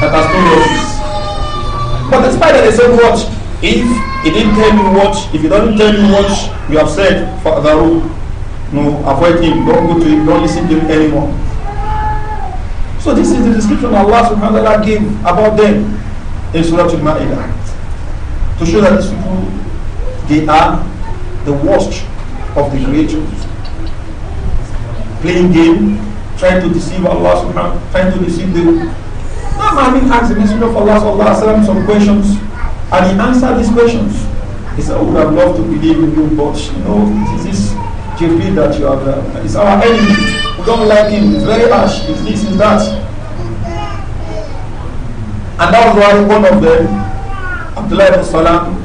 that has told us this. But despite that they say what if he didn't tell you what if he doesn't tell you what you have said for the no avoid him, don't go to him, don't listen to him anymore. So this is the description Allah subhanahu wa ta'ala gave about them in Surah Al-Ma'idah. To show that these people, they are the worst of the creatures. Playing game, trying to deceive Allah subhanahu wa Taala, trying to deceive them. now Muhammad asked the Messenger of Allah sallallahu alayhi wa some questions and he answered these questions. He said, I would have loved to believe in you, but you know, this is Jibreel that you have, uh, it's our enemy don't like him, he's very harsh, he's this, he's that. And that was why one of them, Abdullah ibn Salam,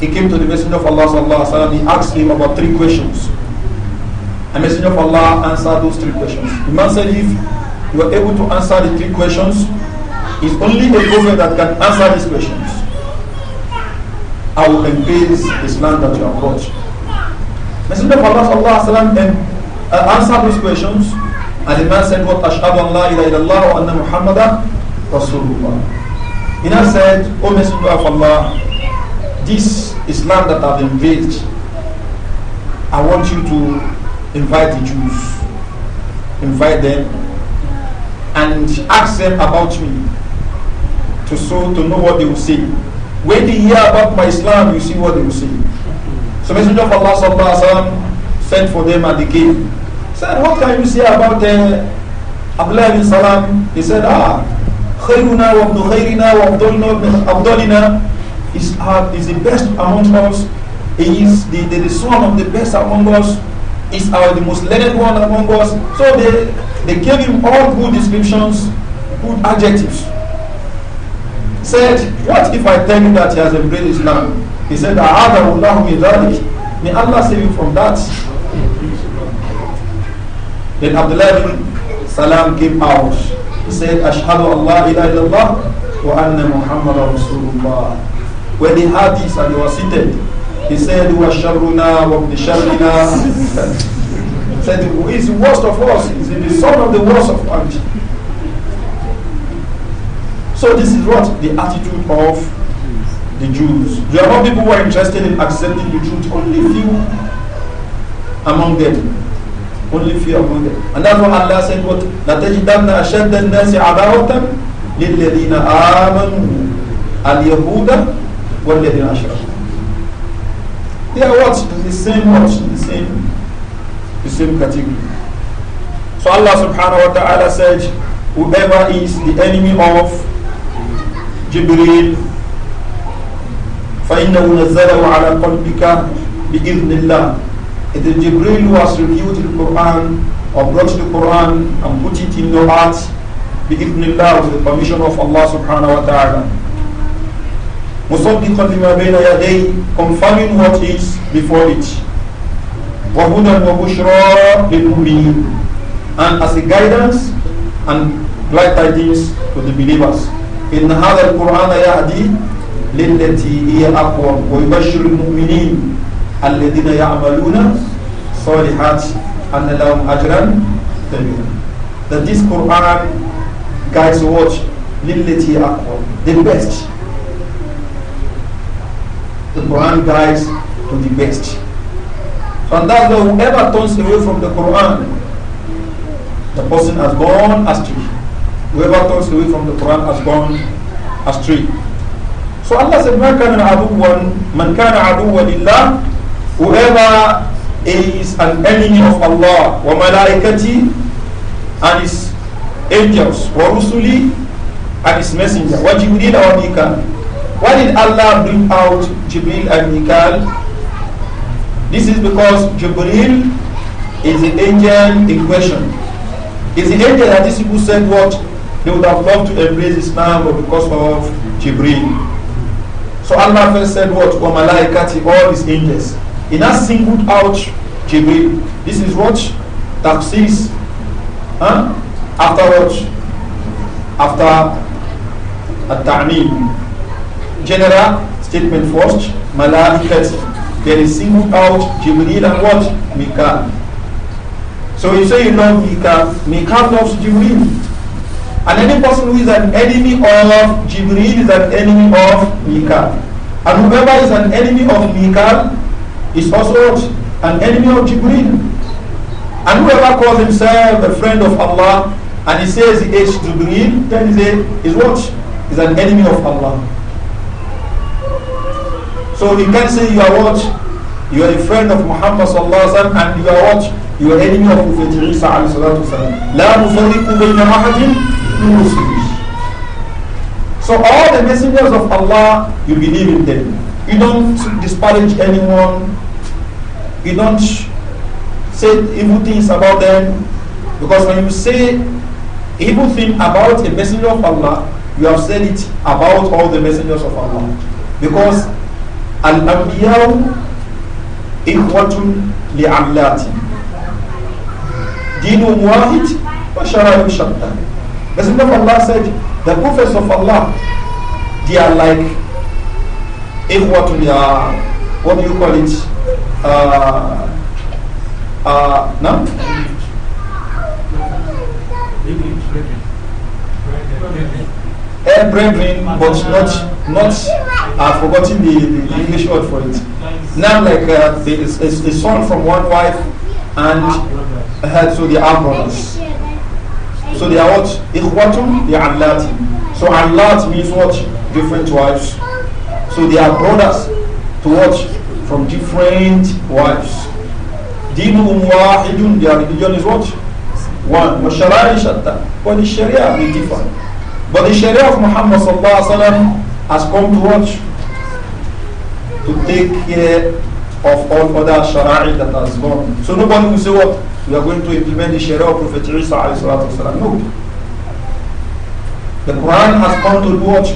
he came to the Messenger of Allah sallallahu alaihi wasallam. He asked him about three questions. The Messenger of Allah answered those three questions. The man said, if you are able to answer the three questions, it's only a prophet that can answer these questions. I will embrace this land that you have brought. Messenger of Allah sallallahu alaihi wasallam uh, answered these questions, and the man said, What Ashhadu Allah, la illallah wa anna Rasulullah. He now said, O Messenger of Allah, this Islam that I've invaded, I want you to invite the Jews, invite them, and ask them about me to so to know what they will say. When they hear about my Islam, you see what they will say. So Messenger of Allah sallallahu wa wasallam sent for them at the gate. Said, what can you say about uh, Abdullah bin Salam? He said, ah, khayruna wa abdu khayrina wa abdulina is, uh, is the best among us. He is the, the, the son of the best among us. Is our the most learned one among us. So they, they gave him all good descriptions, good adjectives. Said, what if I tell you that he has embraced Islam? He said, May Allah save you from that. Then Abdullah bin Salam came out. He said, Ashhadu Allah ilaha illallah wa anna Muhammad Rasulullah. When he had this and they were seated, he said, Wa sharruna wa ibn He said, Who is the worst of us? Is the son of the worst of us? So this is what the attitude of the Jews. There are not people who are interested in accepting the truth, only few among them. كل في among them. And that's why Allah said لَتَجِدَنَّ أَشَدَّ النَّاسِ عَدَاوَةً لِلَّذِينَ آمَنُوا الْيَهُودَ وَالَّذِينَ أَشْرَكُوا They are what? The same what? The same, the same category. So Allah subhanahu wa ta'ala said, whoever is the enemy of Jibreel, فَإِنَّهُ نَزَّلَهُ عَلَى قَلْبِكَ بِإِذْنِ اللَّهِ The Jibril was revealed in the Quran or brought to the Quran and put it in your heart بإذن with the permission of Allah subhanahu wa ta'ala. مصدقا لما بين يديه confirming what is before it. وهدى وبشرى للمؤمنين and as a guidance and glad tidings to the believers. إن هذا القرآن يهدي للتي هي أقوى ويبشر المؤمنين الذين يعملون صالحات أن لهم أجرا كبيرا that this Quran guides what للتي أقوى the best the Quran guides to the best and that's why whoever turns away from the Quran the person has gone astray whoever turns away from the Quran has gone astray so Allah said man kana عدوا man kana عدوا lillah whoever is an enemy of Allah wa malaikati and his angels wa rusuli and his messenger What wa Jibril wa Mikal why did Allah bring out Jibril and Mikal this is because Jibril is the angel in question is the angel that these people said what they would have loved to embrace Islam but because of Jibril so Allah first said what wa malaikati all his angels He now singled out Jibril. This is what Tafsis. Huh? After what? After a Ta'mim. General statement first. Malaikat. Then he singled out Jibril and what? Mika. So you say you love Mika. Mika loves Jibril. And any person who is an enemy of Jibril is an enemy of Mika. And whoever is an enemy of Mika is also an enemy of Jibreel. And whoever calls himself a friend of Allah and he says he hates Jibreel, then he is what? Is an enemy of Allah. So you can say you are what? You are a friend of Muhammad sallallahu alaihi wasallam and you are what? You are enemy of Prophet Isa alayhi salatu wasallam. So all the messengers of Allah, you believe in them. You don't disparage anyone you don't say evil things about them because when you say evil thing about a messenger of Allah you have said it about all the messengers of Allah because al-anbiya'u ikhwatun li'allati dinun wahid wa shara'u shatta messenger of Allah said the prophets of Allah they are like ikhwatun what do you call it Uh, uh, no? Air brethren, but not, not, I've forgotten the, the English word for it. Now, like, uh, the, it's, it's the son from one wife and uh, so the are brothers. So they are what? they are alert. So alert means what? Different wives. So they are brothers to what? from different wives. Dinuhum wahidun, their religion is what? One. Washara'i shatta. But the Sharia is different. But the Sharia of Muhammad sallallahu alaihi wasallam has come to watch to take care of all other Shara'i that has gone. So nobody will say what? We are going to implement the Sharia of Prophet Isa alayhi salatu wasallam. No. The Quran has come to do what?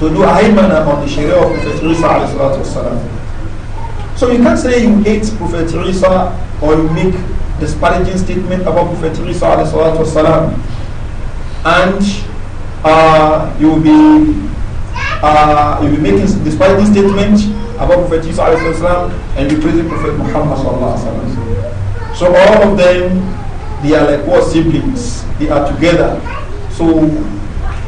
To do aymana on the Sharia of Prophet Isa alayhi salatu wasallam. So you can't say you hate Prophet Isa or you make disparaging statement about Prophet Isa and uh, you will be uh, you will be making disparaging statement about Prophet Isa and you praise Prophet Muhammad So all of them they are like what siblings they are together. So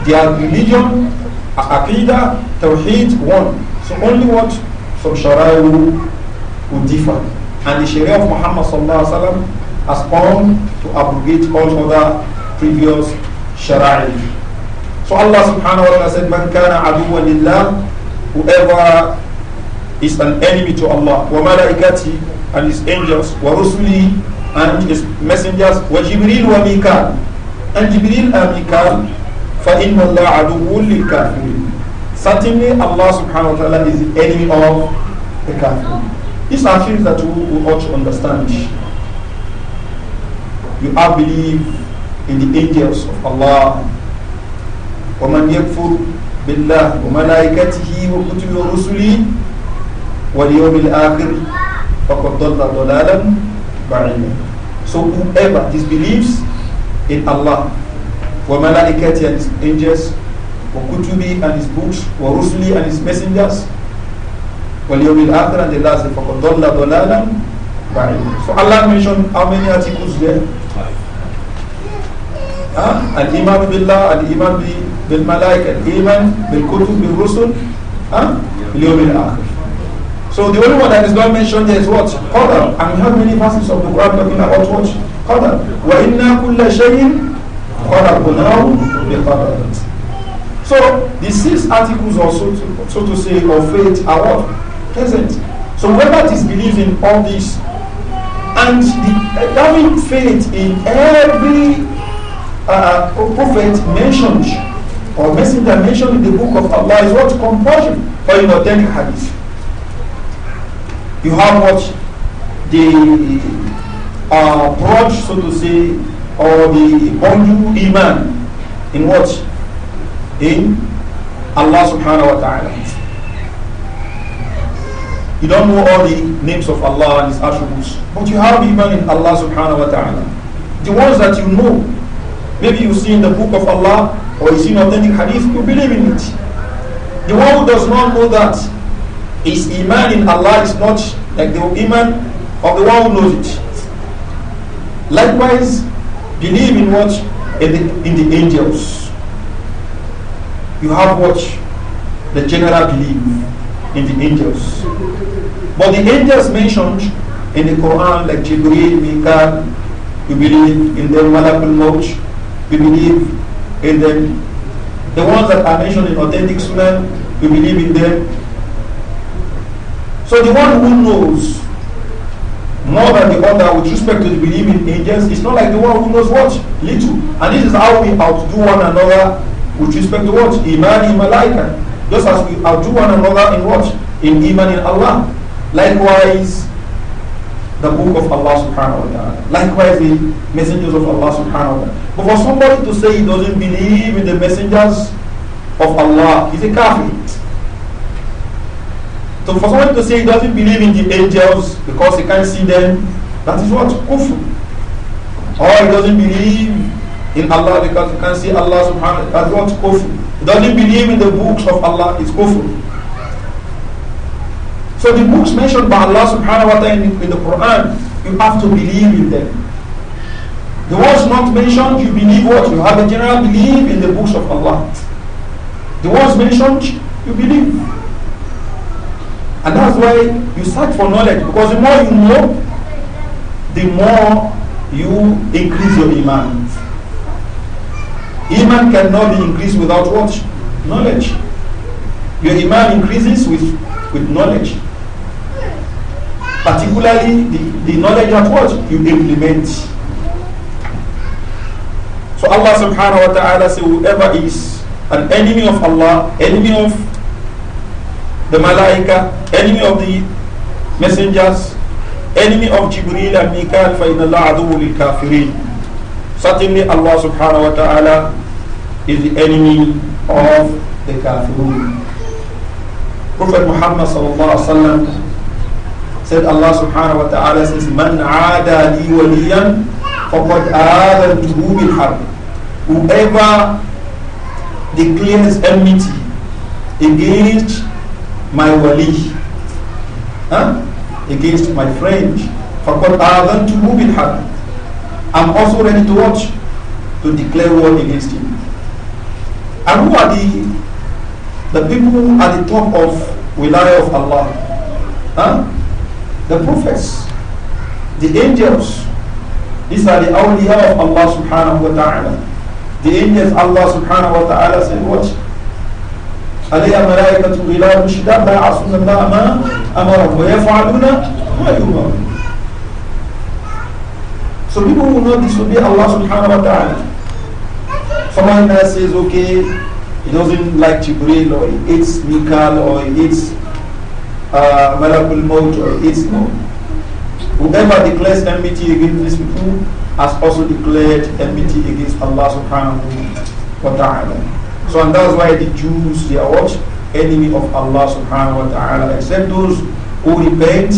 their religion, aqidah, tawheed, one. So only what some shariah. Who differ. And the Sharia of Muhammad sallam, has come to abrogate all other previous shari'a. So Allah subhanahu wa ta'ala said, Man kana aduwa lillah, whoever is an enemy to Allah, wa malaikati, and his angels, wa rusuli, and his messengers, wa jibril wa mikal, and jibril and mikal, fa inna Allah aduwun lil kafirin. Certainly Allah subhanahu wa ta'ala is the enemy of the kafirin. These are things that we, we ought to understand. You have believe in the angels of Allah. وَمَنْ يَكْفُرْ بِاللَّهِ وَمَلَائِكَتِهِ وَكُتُبِ وَرُسُلِهِ وَالْيَوْمِ الْآخِرِ فَقَدْ ضَلَّ ضَلَالًا بَعِيدًا So whoever disbelieves in Allah, وَمَلَائِكَتِهِ and his angels, وَكُتُبِ and his books, وَرُسُلِهِ and his messengers, وَالْيَوْمِ الْآخِرِ the last day فَقَدْ ضَلَّ ضَلَالًا So Allah mentioned how many articles there? Five. Huh? Al-Iman Billah, Al-Iman Bil Malaik, Al-Iman Bil Kutub, Bil Rusul, huh? Al-Yawm Al-Akhir. So the only one that is not mentioned there is what? Qadar. And we have many verses of the Quran talking about what? Qadar. وَإِنَّا كُلَّ شَيْءٍ قَدَرْنَاهُ بِقَدَرٍ So the six articles also, so to say, of faith are what? present. So whoever disbelieves in all this and the, having faith in every uh, prophet mentioned or messenger mentioned in the book of Allah is what compulsion for an authentic hadith. You have what the uh, broad, so to say, or the bundle iman in what in Allah subhanahu wa ta'ala. You don't know all the names of Allah and His attributes, but you have iman in Allah subhanahu wa ta'ala. The ones that you know, maybe you see in the book of Allah or you see in authentic hadith, you believe in it. The one who does not know that his iman in Allah is not like the iman of the one who knows it. Likewise, believe in what? In the, in the angels. You have what? The general belief in the angels. But the angels mentioned in the Quran, like Jibreel, Mikael, we believe in them, Malakul Moch, we believe in them. The ones that are mentioned in authentic Sunnah, we believe in them. So the one who knows more than the other with respect to the in angels is not like the one who knows what? Little. And this is how we outdo one another with respect to what? Imani Malaika. Just as we are to one another in what? In Iman in Allah. Likewise, the book of Allah subhanahu wa ta'ala. Likewise, the messengers of Allah subhanahu wa ta'ala. But for somebody to say he doesn't believe in the messengers of Allah, he's a kafir. So for somebody to say he doesn't believe in the angels because he can't see them, that is what? Kufu. Or he doesn't believe in Allah because he can't see Allah subhanahu wa ta'ala, that is what? Kufr doesn't believe in the books of Allah is kufr. So the books mentioned by Allah subhanahu wa ta'ala in, in the Quran, you have to believe in them. The ones not mentioned, you believe what? You have a general belief in the books of Allah. The ones mentioned, you believe. And that's why you search for knowledge because the more you know, the more you increase your demand. Iman cannot be increased without what? Knowledge. Your Iman increases with, with knowledge. Particularly the, the knowledge that what? You implement. So Allah subhanahu wa ta'ala says, whoever is an enemy of Allah, enemy of the Malaika, enemy of the messengers, enemy of Jibril and Mikael, فَإِنَّ اللَّهَ عَدُوُّ لِلْكَافِرِينَ Certainly Allah subhanahu wa ta'ala is the enemy of the kafirun. Prophet Muhammad sallallahu alaihi wasallam said Allah subhanahu wa ta'ala says man aada li waliyan faqad bil harb whoever declares enmity against my wali huh? against my friend faqad aadantuhu bil harb I'm also ready to watch to declare war against him and who are the the people at the top of wilaya of Allah? Huh? The prophets, the angels. These are the awliya of Allah subhanahu wa ta'ala. The angels Allah subhanahu wa ta'ala said what? عليها ملائكة غلاب شداد لا يعصون الله ما ويفعلون ما So people who know this will be Allah subhanahu wa ta'ala. Commander says, okay, he doesn't like Jibril or he hates Mikal or he hates uh, Malakul Maut or hates no. Whoever declares enmity against these people has also declared enmity against Allah subhanahu wa ta'ala. So and that's why the Jews, they are what? Enemy of Allah subhanahu wa ta'ala except those who repent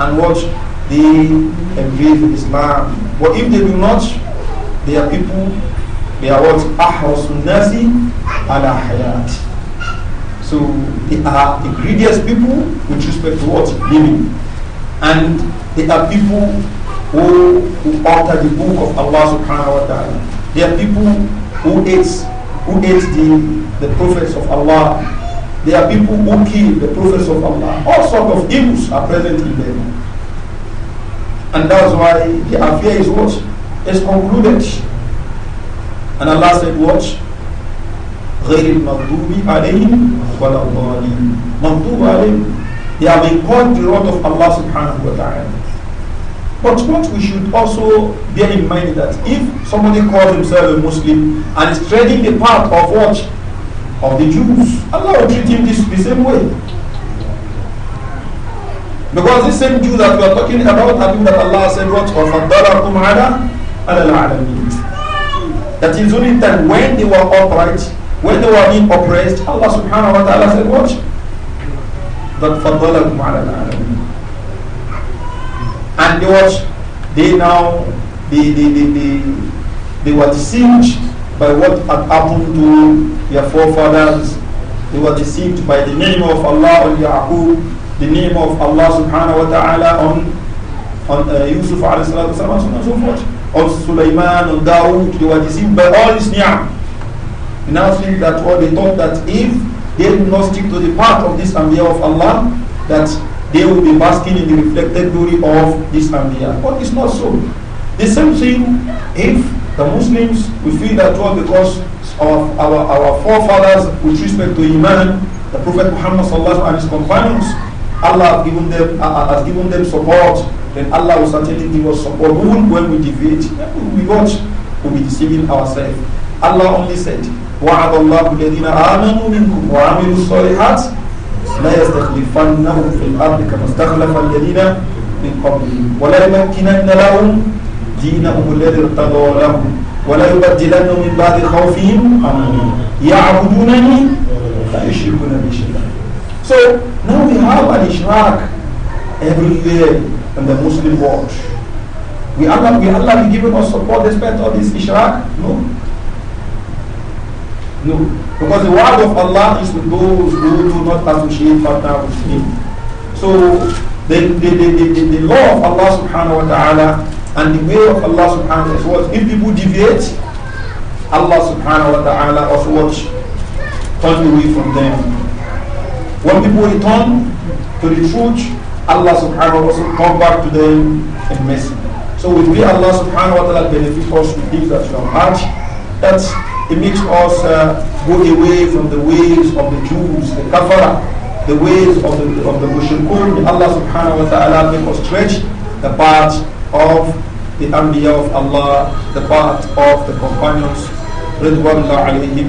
and watch they embrace Islam. But if they do not, they are people they are what? Ahrasun Nasi ala Hayat. So they are the greediest people with respect to what? Living. And they are people who, who alter the book of Allah subhanahu wa ta'ala. They are people who hates who hates the, the prophets of Allah. They are people who kill the prophets of Allah. All sorts of evils are present in them. And that's why the affair is what? Is concluded and Allah said, Watch. غير المغضوب عليهم ولا الضالين مغضوب عليهم they have been called the wrath of Allah subhanahu wa ta'ala but what we should also bear in mind is that if somebody calls himself a Muslim and is treading the path of what? Of the Jews, Allah will treat him this, the same way. Because the same Jews that we are talking about are people that Allah said what? وَفَضَّلَكُمْ عَلَىٰ عَلَى الْعَالَمِينَ that is only that when they were upright, when they were being oppressed, Allah subhanahu wa ta'ala said, Watch. That فَضَّلَكُمْ عَلَى الْعَالَمِينَ And they watch, they now, they, they, they, they, they were deceived by what had happened to their forefathers. They were deceived by the name of Allah on Yaqub, the name of Allah subhanahu wa ta'ala on, on uh, Yusuf alayhi salatu and so on and so forth on Sulaiman, and Dawood, they were deceived by all this ni'am. We now that what they thought that if they did not stick to the path of this Ambiya of Allah, that they would be basking in the reflected glory of this Ambiya. But it's not so. The same thing if the Muslims, we feel that what because of our, our forefathers with respect to Iman, the Prophet Muhammad and his companions, Allah has given them, uh, uh has given them support then Allah will certainly give us support. When we deviate, we watch, we'll be deceiving ourselves. Allah only said, وعد الله الذين آمنوا منكم وعملوا الصالحات لا يستخلفنهم في الأرض كما استخلف الذين من قبلهم ولا يمكنن لهم دينهم الذي ارتضى لهم ولا يبدلن من بعد خوفهم أمنا يعبدونني لا يشركون بي شيئا So now we have an ishraq everywhere and the Muslim world. We Allah, We Allah be giving us support despite all this ishraq? No. No. Because the word of Allah is to those who do not associate partner with Him. So the, the, the, the, the law of Allah subhanahu wa ta'ala and the way of Allah subhanahu wa ta'ala is if people deviate, Allah subhanahu wa ta'ala also what turn away from them. When people return to the truth, Allah subhanahu wa ta'ala come back to them in mercy. So we pray Allah subhanahu wa ta'ala benefit us with things that from heart that it makes us uh, go away from the ways of the Jews, the kafara, the ways of the, of the mushrikun. Allah subhanahu wa ta'ala make us stretch the path of the Anbiya of Allah, the path of the companions, Ridwanullah alayhim,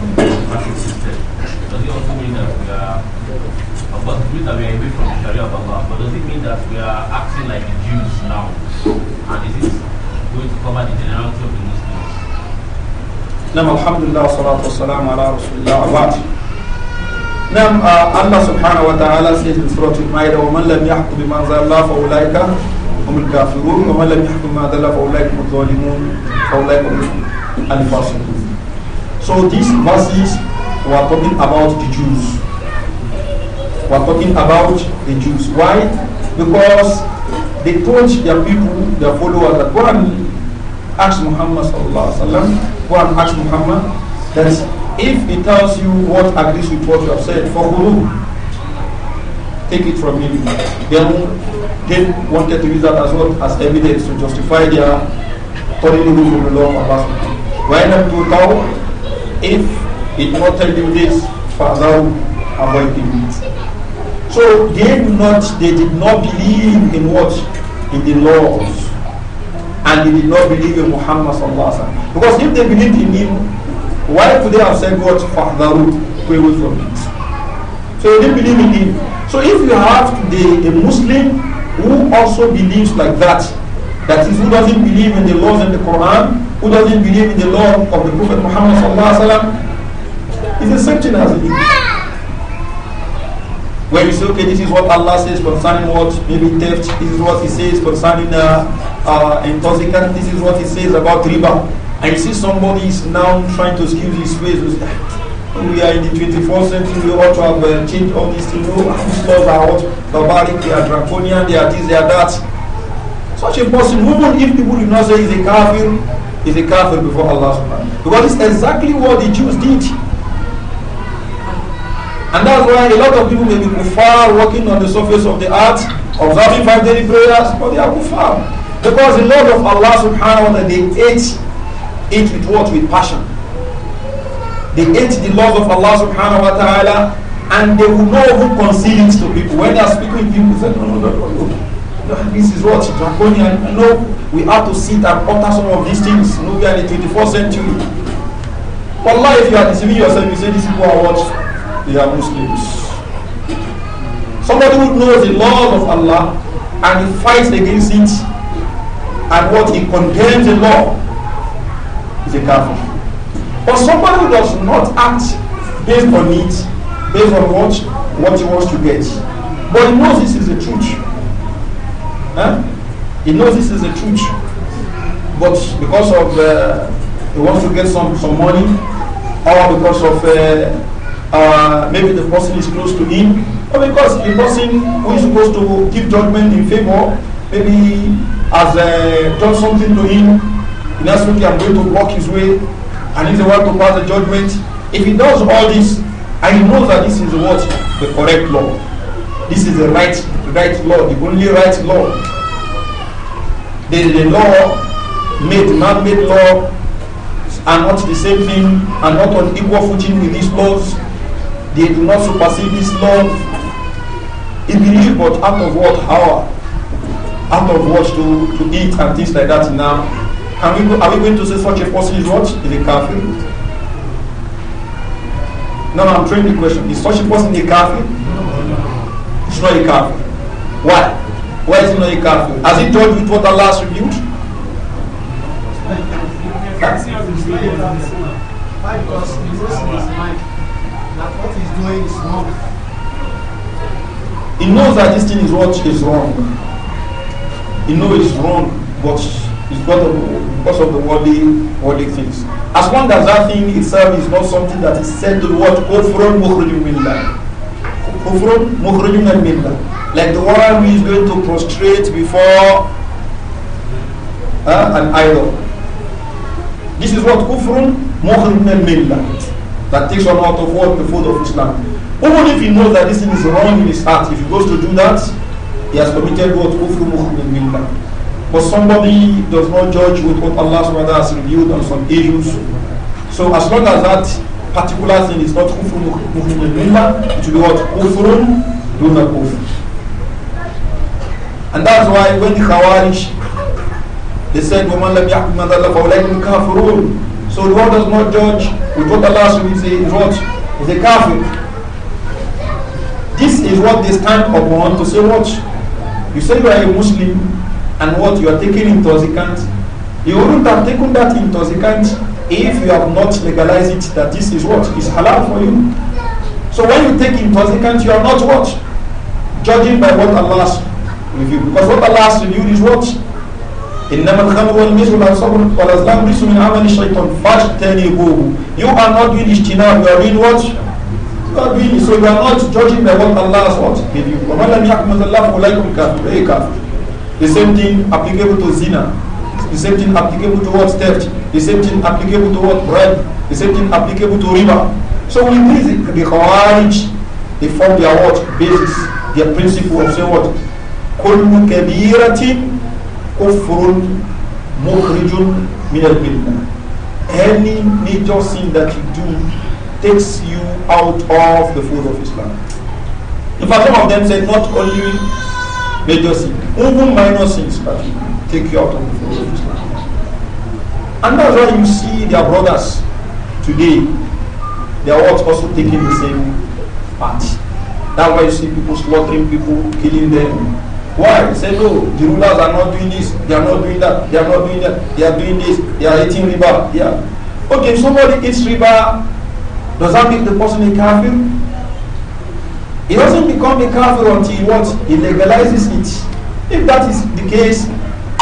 mean that we are away from the Sharia of Allah, but does it mean that we are acting like the Jews now? And is this going to cover the generality of the Muslims? Nam alhamdulillah, salatu wassalam ala rasulillah abad. Nam uh, Allah subhanahu wa ta'ala says in Surah Al-Ma'idah, وَمَنْ لَمْ يَحْكُ بِمَا أَنْزَلَ اللَّهُ فَأُولَٰئِكَ هُمُ الْكَافِرُونَ وَمَنْ لَمْ يَحْكُ بِمَا أَنزَلَ فَأُولَٰئِكَ هُمُ الظَّالِمُونَ فَأُولَٰئِكَ هُمُ الْفَاسِقُونَ So these verses were talking about the Jews we're talking about the Jews. Why? Because they told their people, their followers, that go and ask Muhammad sallallahu alaihi wasallam. Go and ask Muhammad that if he tells you what agrees with what you have said, for whom? Take it from him. Then they wanted to use that as well as evidence to justify their turning away from the law of Allah. Why not to now? If it not tell you this, Father, avoid him. So they do not, they did not believe in what? In the laws. And they did not believe in Muhammad sallallahu Because if they believed in him, why could they have said what? Fahdaru, away from it. So they didn't believe in him. So if you have today a Muslim who also believes like that, that is, who doesn't believe in the laws and the Quran, who doesn't believe in the law of the Prophet Muhammad sallallahu alaihi wasallam, is a section as a when we say, okay, this is what Allah says concerning what maybe theft, this is what He says concerning uh, uh, intoxicant, this is what He says about riba. And you see somebody is now trying to excuse his ways. Oh, we are in the 24th century, we ought to have uh, changed all these things. Oh, no, these laws are what? Barbaric, they are draconian, they are this, they are that. Such a person, even if people do not say he's a kafir, he's a kafir before Allah subhanahu Because it's exactly what the Jews did. And that's why a lot of people may be kuffar walking on the surface of the earth, observing five daily prayers, but they are kuffar. Because the love of Allah subhanahu wa ta'ala, they ate it with what? With passion. They ate the laws of Allah subhanahu wa ta'ala and they will not even conceal it to people. When they are speaking to people, say, no, no, no, no, no. This is what draconian. No, we have to sit and utter some of these things. No, we are in the 21st century. But life, you are deceiving yourself. You say, these people are what? they are Muslims. Somebody who knows the laws of Allah and he fights against it and what he condemns the law is a kafir. But somebody who does not act based on it, based on what, what he wants to get. But he knows this is the truth. Huh? He knows this is the truth. But because of uh, he wants to get some, some money or because of uh, uh, maybe the person is close to him, or because the person who is supposed to give judgment in favor, maybe has uh, done something to him, and that's okay, I'm going to block his way, and he's the one to pass the judgment. If he does all this, and he knows that this is what the correct law, this is the right, right law, the only right law, The the law made, man-made law, are not the same thing, are not on equal footing with these laws They do not supersede this love. It is but out of what hour? Out of what to, to eat and things like that now. Can we, are we going to say such a person is what? Is a kafir? No, no, I'm trying the question. Is such a person a kafir? It's not a kafir. Why? Why is it not a kafir? Has it judged with what Allah has revealed? Because the person doing is wrong. He knows that this thing is what is wrong. He knows it's wrong, but it's because of, because of the worldly, worldly things. As long as that thing itself is not something that is said to what Kufrun Mukhrijum Millah. Kufrun Mukhrijum Millah. Like the one who is going to prostrate before uh, an idol. This is what Kufrun Mukhrijum Millah. that takes one out of what the fold of Islam. Even if he knows that this thing is wrong in his heart, if he goes to do that, he has committed what kufru mu'min But somebody does not judge with what Allah subhanahu has revealed on some issues. So as long as that particular thing is not kufru mu'min it will be what kufrun duna kufr. And that's why when the Khawarij, they said, وَمَنْ لَمْ يَحْكُمْ مَنْ ذَلَّ فَأُولَيْكُمْ كَافِرُونَ so the does not judge with what Allah says is what is a kafir. This is what they stand upon to say what you say you are a Muslim and what you are taking intoxicant. You wouldn't have taken that intoxicant if you have not legalized it that this is what is halal for you. So when you take intoxicant, you are not what? Judging by what Allah revealed. Because what Allah revealed is what? إنما الخمر والميسر والأنصاب والأزلام رجس من عمل الشيطان فاجتنبوه You are not doing اجتناب, you are doing what? You are doing so you are not judging by what Allah has what? Give you. وَمَنْ لَمْ يَحْكُمْ اللَّهُ فَأُولَٰئِكُمْ كَافِرُونَ أي كافر The same thing applicable to zina. The same thing applicable to what theft. The same thing applicable to what bribe. The same thing applicable to riba. So with this, the Khawarij, they form their what? Basis, their principle of saying what? كُلُّ كَبِيرَةٍ kófòrò mọ́kìrìjọ́ mìíràn any major sin that you do takes you out of the fold of Islam. In fact, some of them said not only major sins, even minor sins that take you out of the fold of Islam. And that's why you see their brothers today, they are also taking the same path. That's why you see people slaughtering people, killing them, Why? say, no, the rulers are not doing this, they are not doing that, they are not doing that, they are doing this, they are eating riba. Yeah. Okay, somebody eats riba, does that make the person a kafir? He doesn't become a kafir until he what? He legalizes it. If that is the case,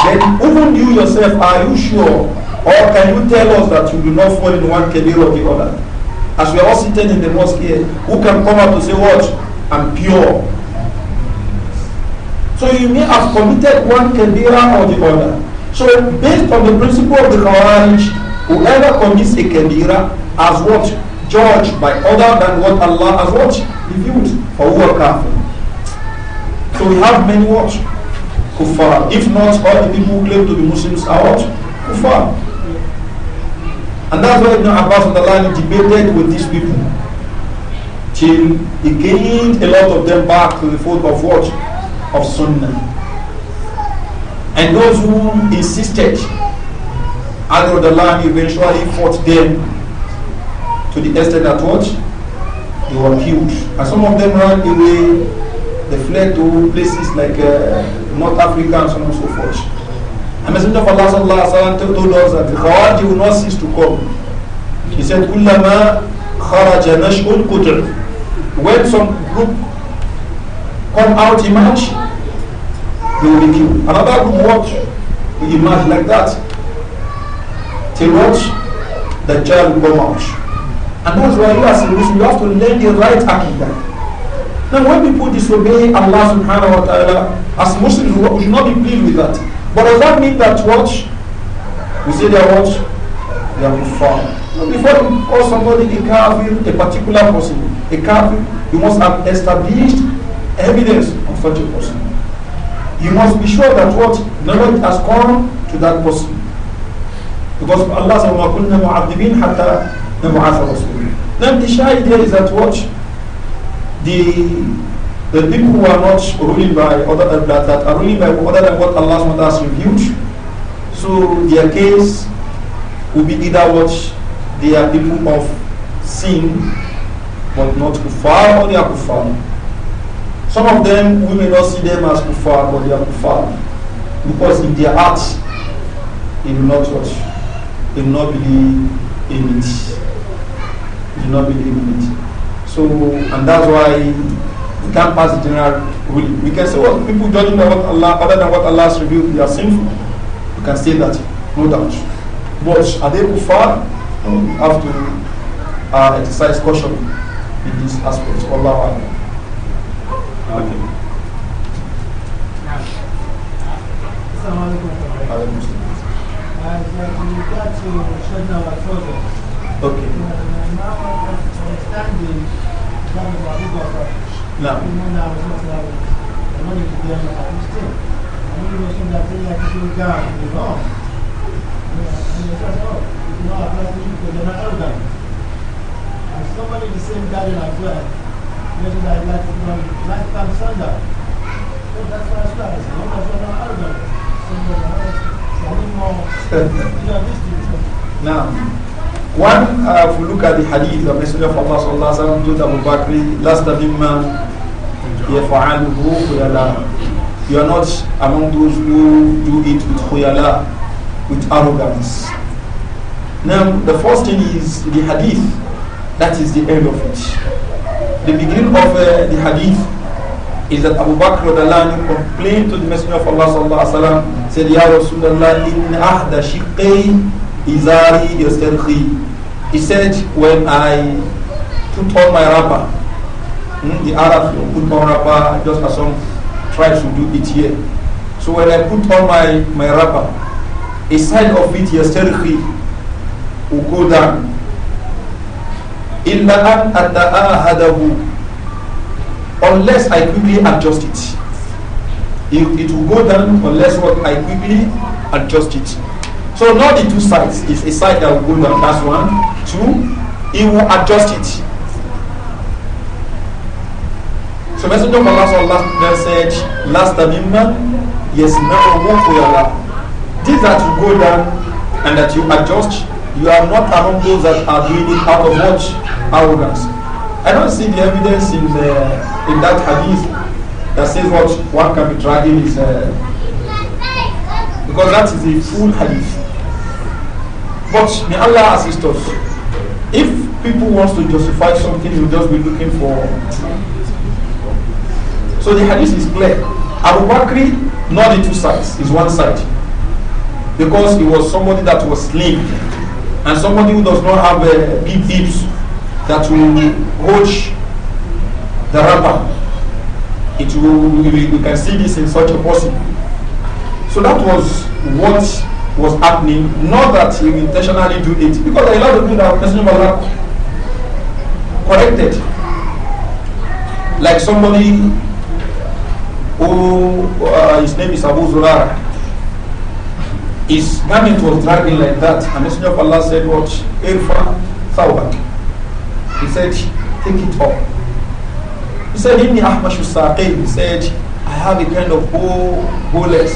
then even you yourself, are you sure? Or can you tell us that you do not fall in one category or the other? As we are all sitting in the mosque here, who can come out to say, What? I'm pure. So you may have committed one kabira or the other. So based on the principle of the Khawarij, whoever commits a kabira has what? Judged by other than what Allah has what? Reviewed for who are kafir. So we have many what? Kuffar. If not, all the people who claim to be Muslims are what? Kuffar. And that's why Ibn Abbas and Allah debated with these people till he gained a lot of them back to the fold of what? of Sunnah. And those who insisted, Ali eventually fought them to the extent that what? They were killed. And some of them ran away, they fled to places like uh, North Africa and so on and so forth. And Messenger of Allah told us that the Khawarij will not cease to come. He said, Kullama kharaja nash'un kutr. When some group come out emerge they will be killed another group watch will emerge like that till what the child will come out and that's why you as a Muslim you have to learn the right akidah now when people disobey Allah subhanahu wa ta'ala as Muslims we should not be pleased with that but does that mean that what we say they are what they are kuffar before you call somebody a kafir a particular person a kafir you must have established evidence on such a person. You must be sure that what knowledge has come to that person. Because Allah said, وَمَا كُنَّا مُعَذِّبِينَ حَتَّى Then the idea is that what the the people who are not ruling by other than that, that are ruling by other than what Allah has revealed, so their case will be either what they are people of sin but not kuffar or they are kuffar. Some of them, we may not see them as kuffar, but they are kuffar. Because in their heart, they do not watch. They do not believe in it. They do not believe in it. So, and that's why we can't pass the general rule. We can say, well, people judging about Allah, other than what Allah has revealed, they are sinful. We can say that, no doubt. But are they kuffar? No, we have to uh, exercise caution in this aspect. Allah Allah. السلام عليكم على المسلم اوكي نعم And somebody in the same garden as well. Maybe like like um, lifetime standard. So that's why I started. So that's why I'm arrogant. So I need more. You Now. One, uh, if we look at the hadith, the Messenger of Allah sallallahu alaihi wasallam told Abu Bakr, "Last of him, you are not among those who do it with khuyala, with arrogance." Now, the first thing is the hadith. That is the end of it the beginning of uh, the hadith is that Abu Bakr complained to the Messenger of Allah sallallahu alaihi wasallam, said, Ya Rasulullah, in ahda shiqay izari He said, when I put on my wrapper, hmm, the Arabs put on wrapper just as some try to do it here. So when I put on my, my wrapper, a side of it, yastarqi, will go down. illa an ata'ahadahu unless I quickly adjust it. It, it will go down unless what I quickly adjust it. So not the two sides. It's a side that will go down. That's one. Two, it will adjust it. So Messenger of Allah sallallahu said, Last amimman, yes, now walk for your life. This that you go down and that you adjust you are not among those that are doing it out of much arrogance. I don't see the evidence in, the, uh, in that hadith that says what one can be dragging is uh, because that is a full hadith. But may Allah assist us. If people want to justify something, you'll just be looking for. So the hadith is clear. Abu Bakr, not the two sides, is one side. Because he was somebody that was slain and somebody who does not have uh, big hips that will coach the rapper, it will, we can see this in such a person. So that was what was happening. Not that he intentionally do it, because a lot of people that Messenger of corrected. Like somebody who, uh, his name is Abu Zurara. His garment was dragging like that. And Messenger of Allah said, "Watch, Irfa thawbak. He said, Take it off. He said, Inni ahmashu saqin. He said, I have a kind of bow, bullet.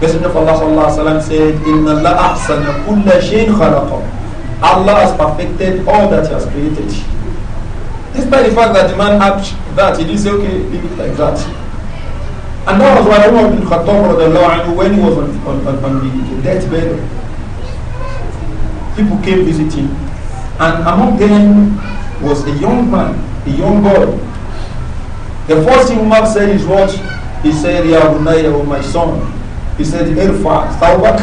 Messenger of Allah sallallahu alayhi wa said, Inna Allah ahsana kulla shayin khalaqa. Allah has perfected all that He has created. Despite the fact that the man had that, he didn't say, okay, leave it like that. And that was why Umar bin Khattab, when he was on, on, on, on the deathbed, people came visiting. And among them was a young man, a young boy. The first thing Umar said is what? He said, Ya Bunaya, oh my son. He said, Irfa, Thawbak,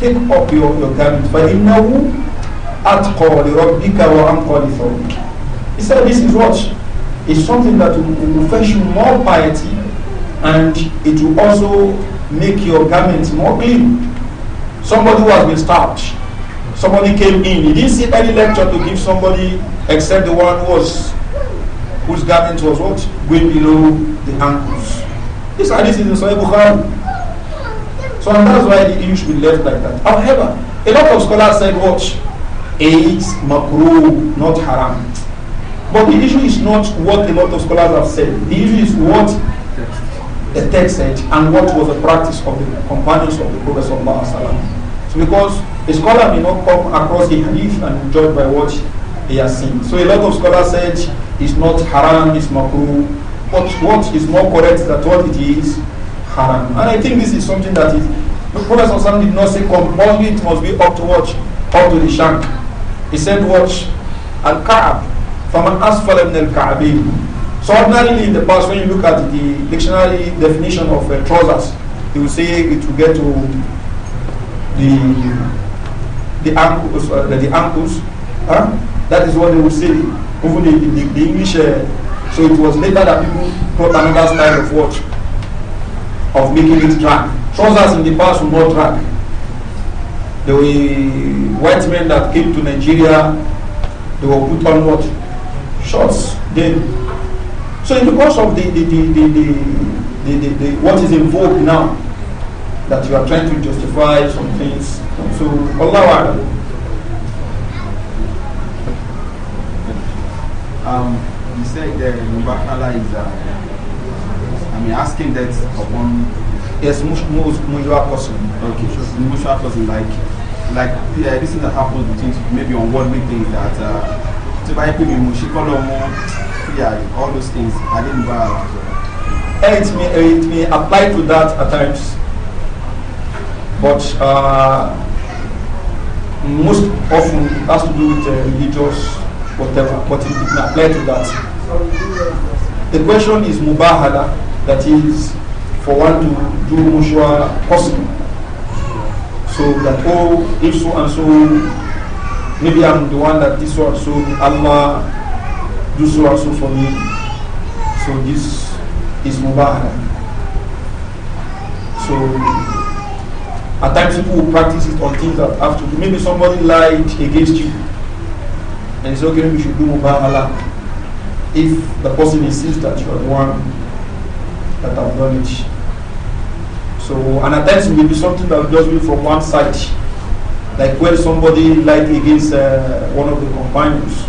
take up your, your garment. فَإِنَّهُ أَتْقَى لِرَبِّكَ وَأَنْقَى لِثَوْبِكَ He said, this is what? It's something that will, will fetch you more piety and it will also make your garments more clean. Somebody who has been stabbed, somebody came in, he didn't see any lecture to give somebody except the one who was whose garment was what? way below the ankles. This hadith is in Sahih Bukhari. So and that's why the issue should be left like that. However, a lot of scholars said what? It's makro not haram. But the issue is not what a lot of scholars have said. The issue is what the text said and what was the practice of the companions of the Prophet Sallallahu Alaihi So because a scholar may not come across a hadith and judge by what he has seen. So a lot of scholars said it's not haram, it's makruh, but what is more correct that what it is haram. And I think this is something that is, the Prophet Sallallahu did not say compulsory, it must be up to watch, up to the shank. He said watch, al-ka'ab, فَمَنْ أَسْفَلَ مِنَ الْكَعْبِينَ So ordinarily in the past, when you look at the dictionary definition of uh, trousers, you will say it will get to the the ankles, uh, the, ankles. Huh? That is what they will say. Even the, the, the English. Uh, so it was later that people brought another style of watch of making it drag. Trousers in the past were not drag. The white men that came to Nigeria, they were put on what shorts then So in the course of the, the, the, the, the, the, the, the what is in vogue now, that you are trying to justify some things. So Allah Um, you said that Mubakala is, uh, I mean, asking that upon. Yes, mutual person. Okay, mutual person. Like, like yeah, this is that happens between maybe on one meeting that. Uh, tí báyìí pé mi mo ṣe kọ́ all those things. I didn't buy it. It may, it may apply to that at times. But uh, most often it has to do with uh, religious whatever, but it can apply to that. The question is mubahala, that is for one to do mutual possible. So that, oh, if so and so, maybe I'm the one that this one, so Allah do so also for me. So this is Mubarak. So at times people will practice it on things that have to do. Maybe somebody lied against you. And it's okay, we should do Mubarak if the person insists that you are the one that have done it. So and at times it may be something that just be from one side. Like when somebody lied against uh, one of the companions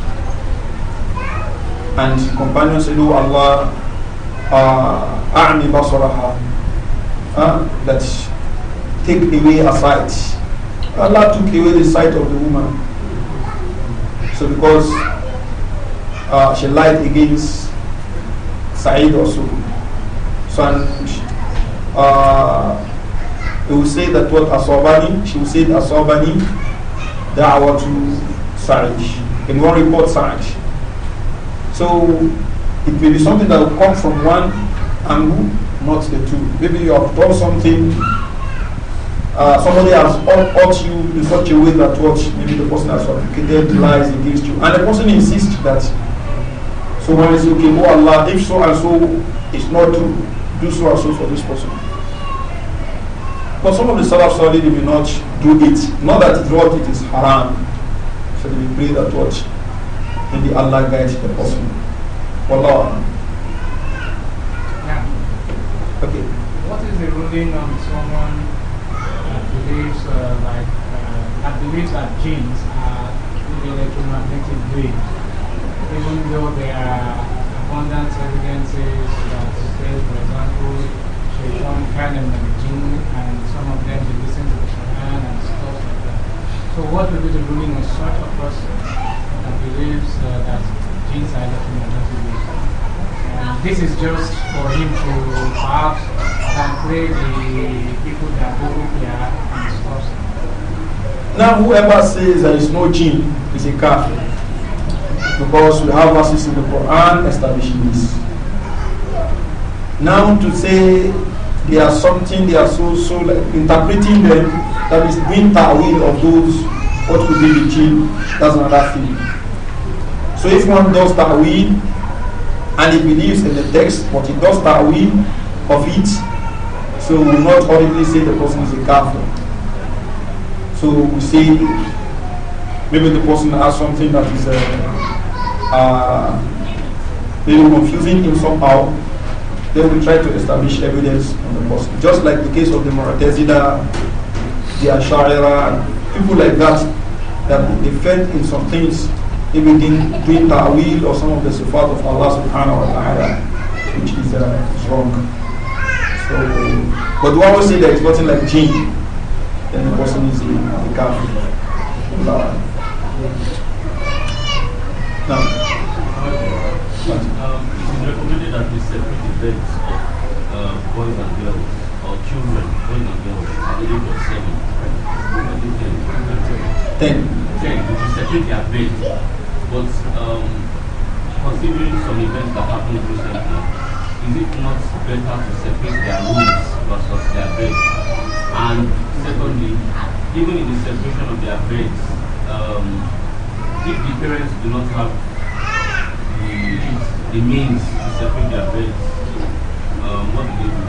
and companions companion said, Oh Allah, uh, A'mi basaraha. Uh, that take away a sight. Allah took away the sight of the woman. So because uh, she lied against Sa'id also. So and uh, he will say that what Asabani, she will say Asabani da'awatu Sa'id. In one report Sa'id. So it may be something that will come from one angle, not the two. Maybe you have done something, uh, somebody has hurt you in such a way that what maybe the person has fabricated lies against you, and the person insists that. So when they okay, oh Allah, if so and so is not true, do so and so for this person. But some of the Salaf Salih, they will not do it. Not that it, what it is haram. So they pray that what Maybe the person. Wallah. Yeah. Okay. What is the ruling on someone that believes uh, like uh, that believes that genes are electromagnetic beings, even though there are abundant evidences that says, for example, Shaitan kind of like jinn and some of them they listen to the Quran and stuff like that. So what would be the ruling on such a person? and believes uh, that genes are looking at And this is just for him to perhaps downplay the people that go here and stuff. Now, whoever says there is no gene is a kafir. Because we have verses in the Quran establishing this. Now, to say they are something, they are so, so, like, interpreting them, that is being ta'wil of those what could be the jinn? That's another thing. So if one does ta'wil and he believes in the text, but he does ta'wil of it, so we will not audibly say the person is a kafir. So we say maybe the person has something that is uh, uh, maybe confusing him somehow. Then we try to establish evidence on the person. Just like the case of the Mu'tazila, the Ashara people like that, that they fed in some things, even in doing ta'wil or some of the sifat of Allah subhanahu wa ta'ala, which is, uh, wrong. So, but one would say that it's nothing like jinn, then the person is in the kafir. Now, um, it is recommended that we separate the beds of uh, boys and girls. 10. 10, which is certainly advanced. But um, considering some events that happened recently, is it not better to separate their rules versus their beds? And secondly, even in the separation of their beds, um, if the parents do not have the, the means to separate their beds, um, what do they do?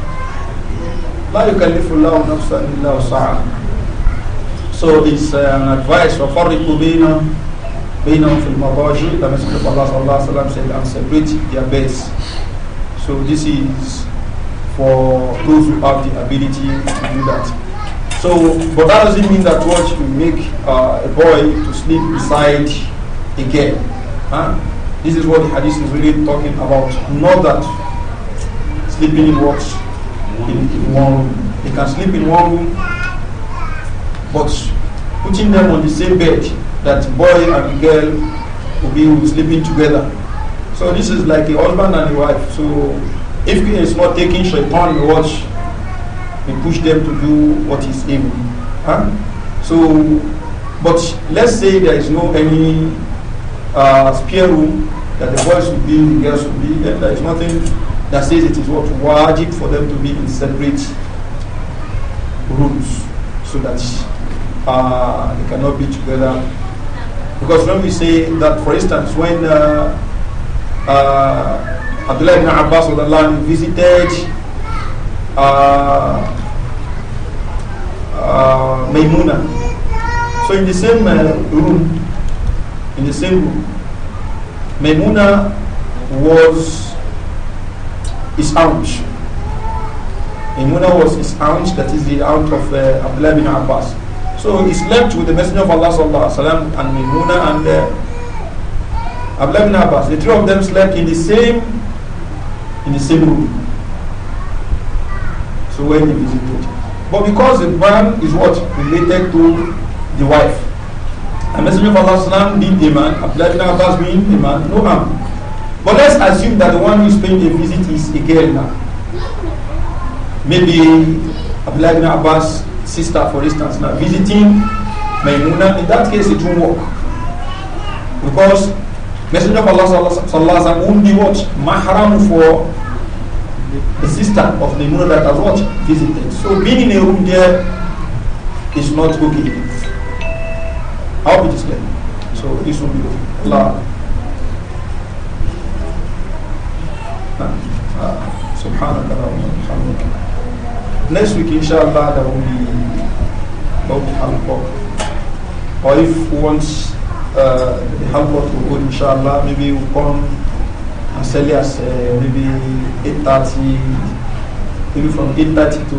لا يكلف الله نفسا الا وسعها so it's uh, an advice for Fariqu Bainam Bainam from Madaji, the Messenger of Allah sallallahu alayhi wa said, and separate their beds. So this is for those who have the ability to do that. So, but that doesn't mean that what you make uh, a boy to sleep beside a girl. Huh? This is what the hadith is really talking about. Not that sleeping in what? In, in one room. can sleep in one room But putting them on the same bed that boy and girl will be sleeping together. So this is like a husband and a wife. So if he is not taking shaitan we watch, we push them to do what is evil. Huh? So, but let's say there is no any uh, spare room that the boys should be, the girls should be, then there is nothing that says it is what wajib for them to be in separate rooms so that uh, they cannot be together. Because when we say that, for instance, when uh, uh, Abdullah ibn Abbas visited uh, uh, Maimuna, so in the same uh, room, in the same room, Maimuna was his aunt. Maimuna was his aunt, that is the aunt of uh, Abdullah ibn Abbas. So he slept with the Messenger of Allah sallallahu alaihi wasallam and Maimuna and uh, Abdullah ibn Abbas. The three of them slept in the same in the same room. So when he visited, but because the man is what related to the wife, the Messenger of Allah sallallahu alaihi wasallam being a man, Abdullah ibn Abbas being a man, no harm. But let's assume that the one who is paying the visit is a girl now. Maybe Abdullah ibn Abbas sister, for instance, now visiting Maimuna, in that case it won't work. Because Messenger of Allah sallallahu won't only what? Mahram for the sister of Maimuna that has what? Visited. So being in a room there is not okay. I hope it is clear. So this will be Allah. سبحانك اللهم وبحمدك next week inshallah that will be about Hancock or if once uh, the Hancock will go inshallah maybe we'll come and sell us uh, maybe 8.30 maybe from 8.30 to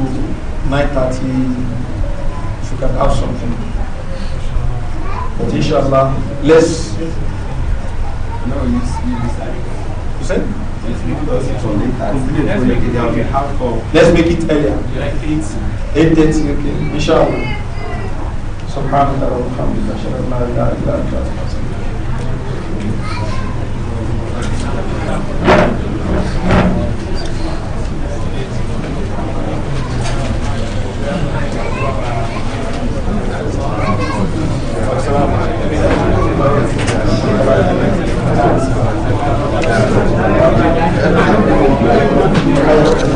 9.30 if you can have something but inshallah less. no you, you decide you said Let's make it earlier. Eight thirty, okay. Inshallah. سبحانك اللهم وبحمدك أشهد أن لا إله إلا أنت Thank you.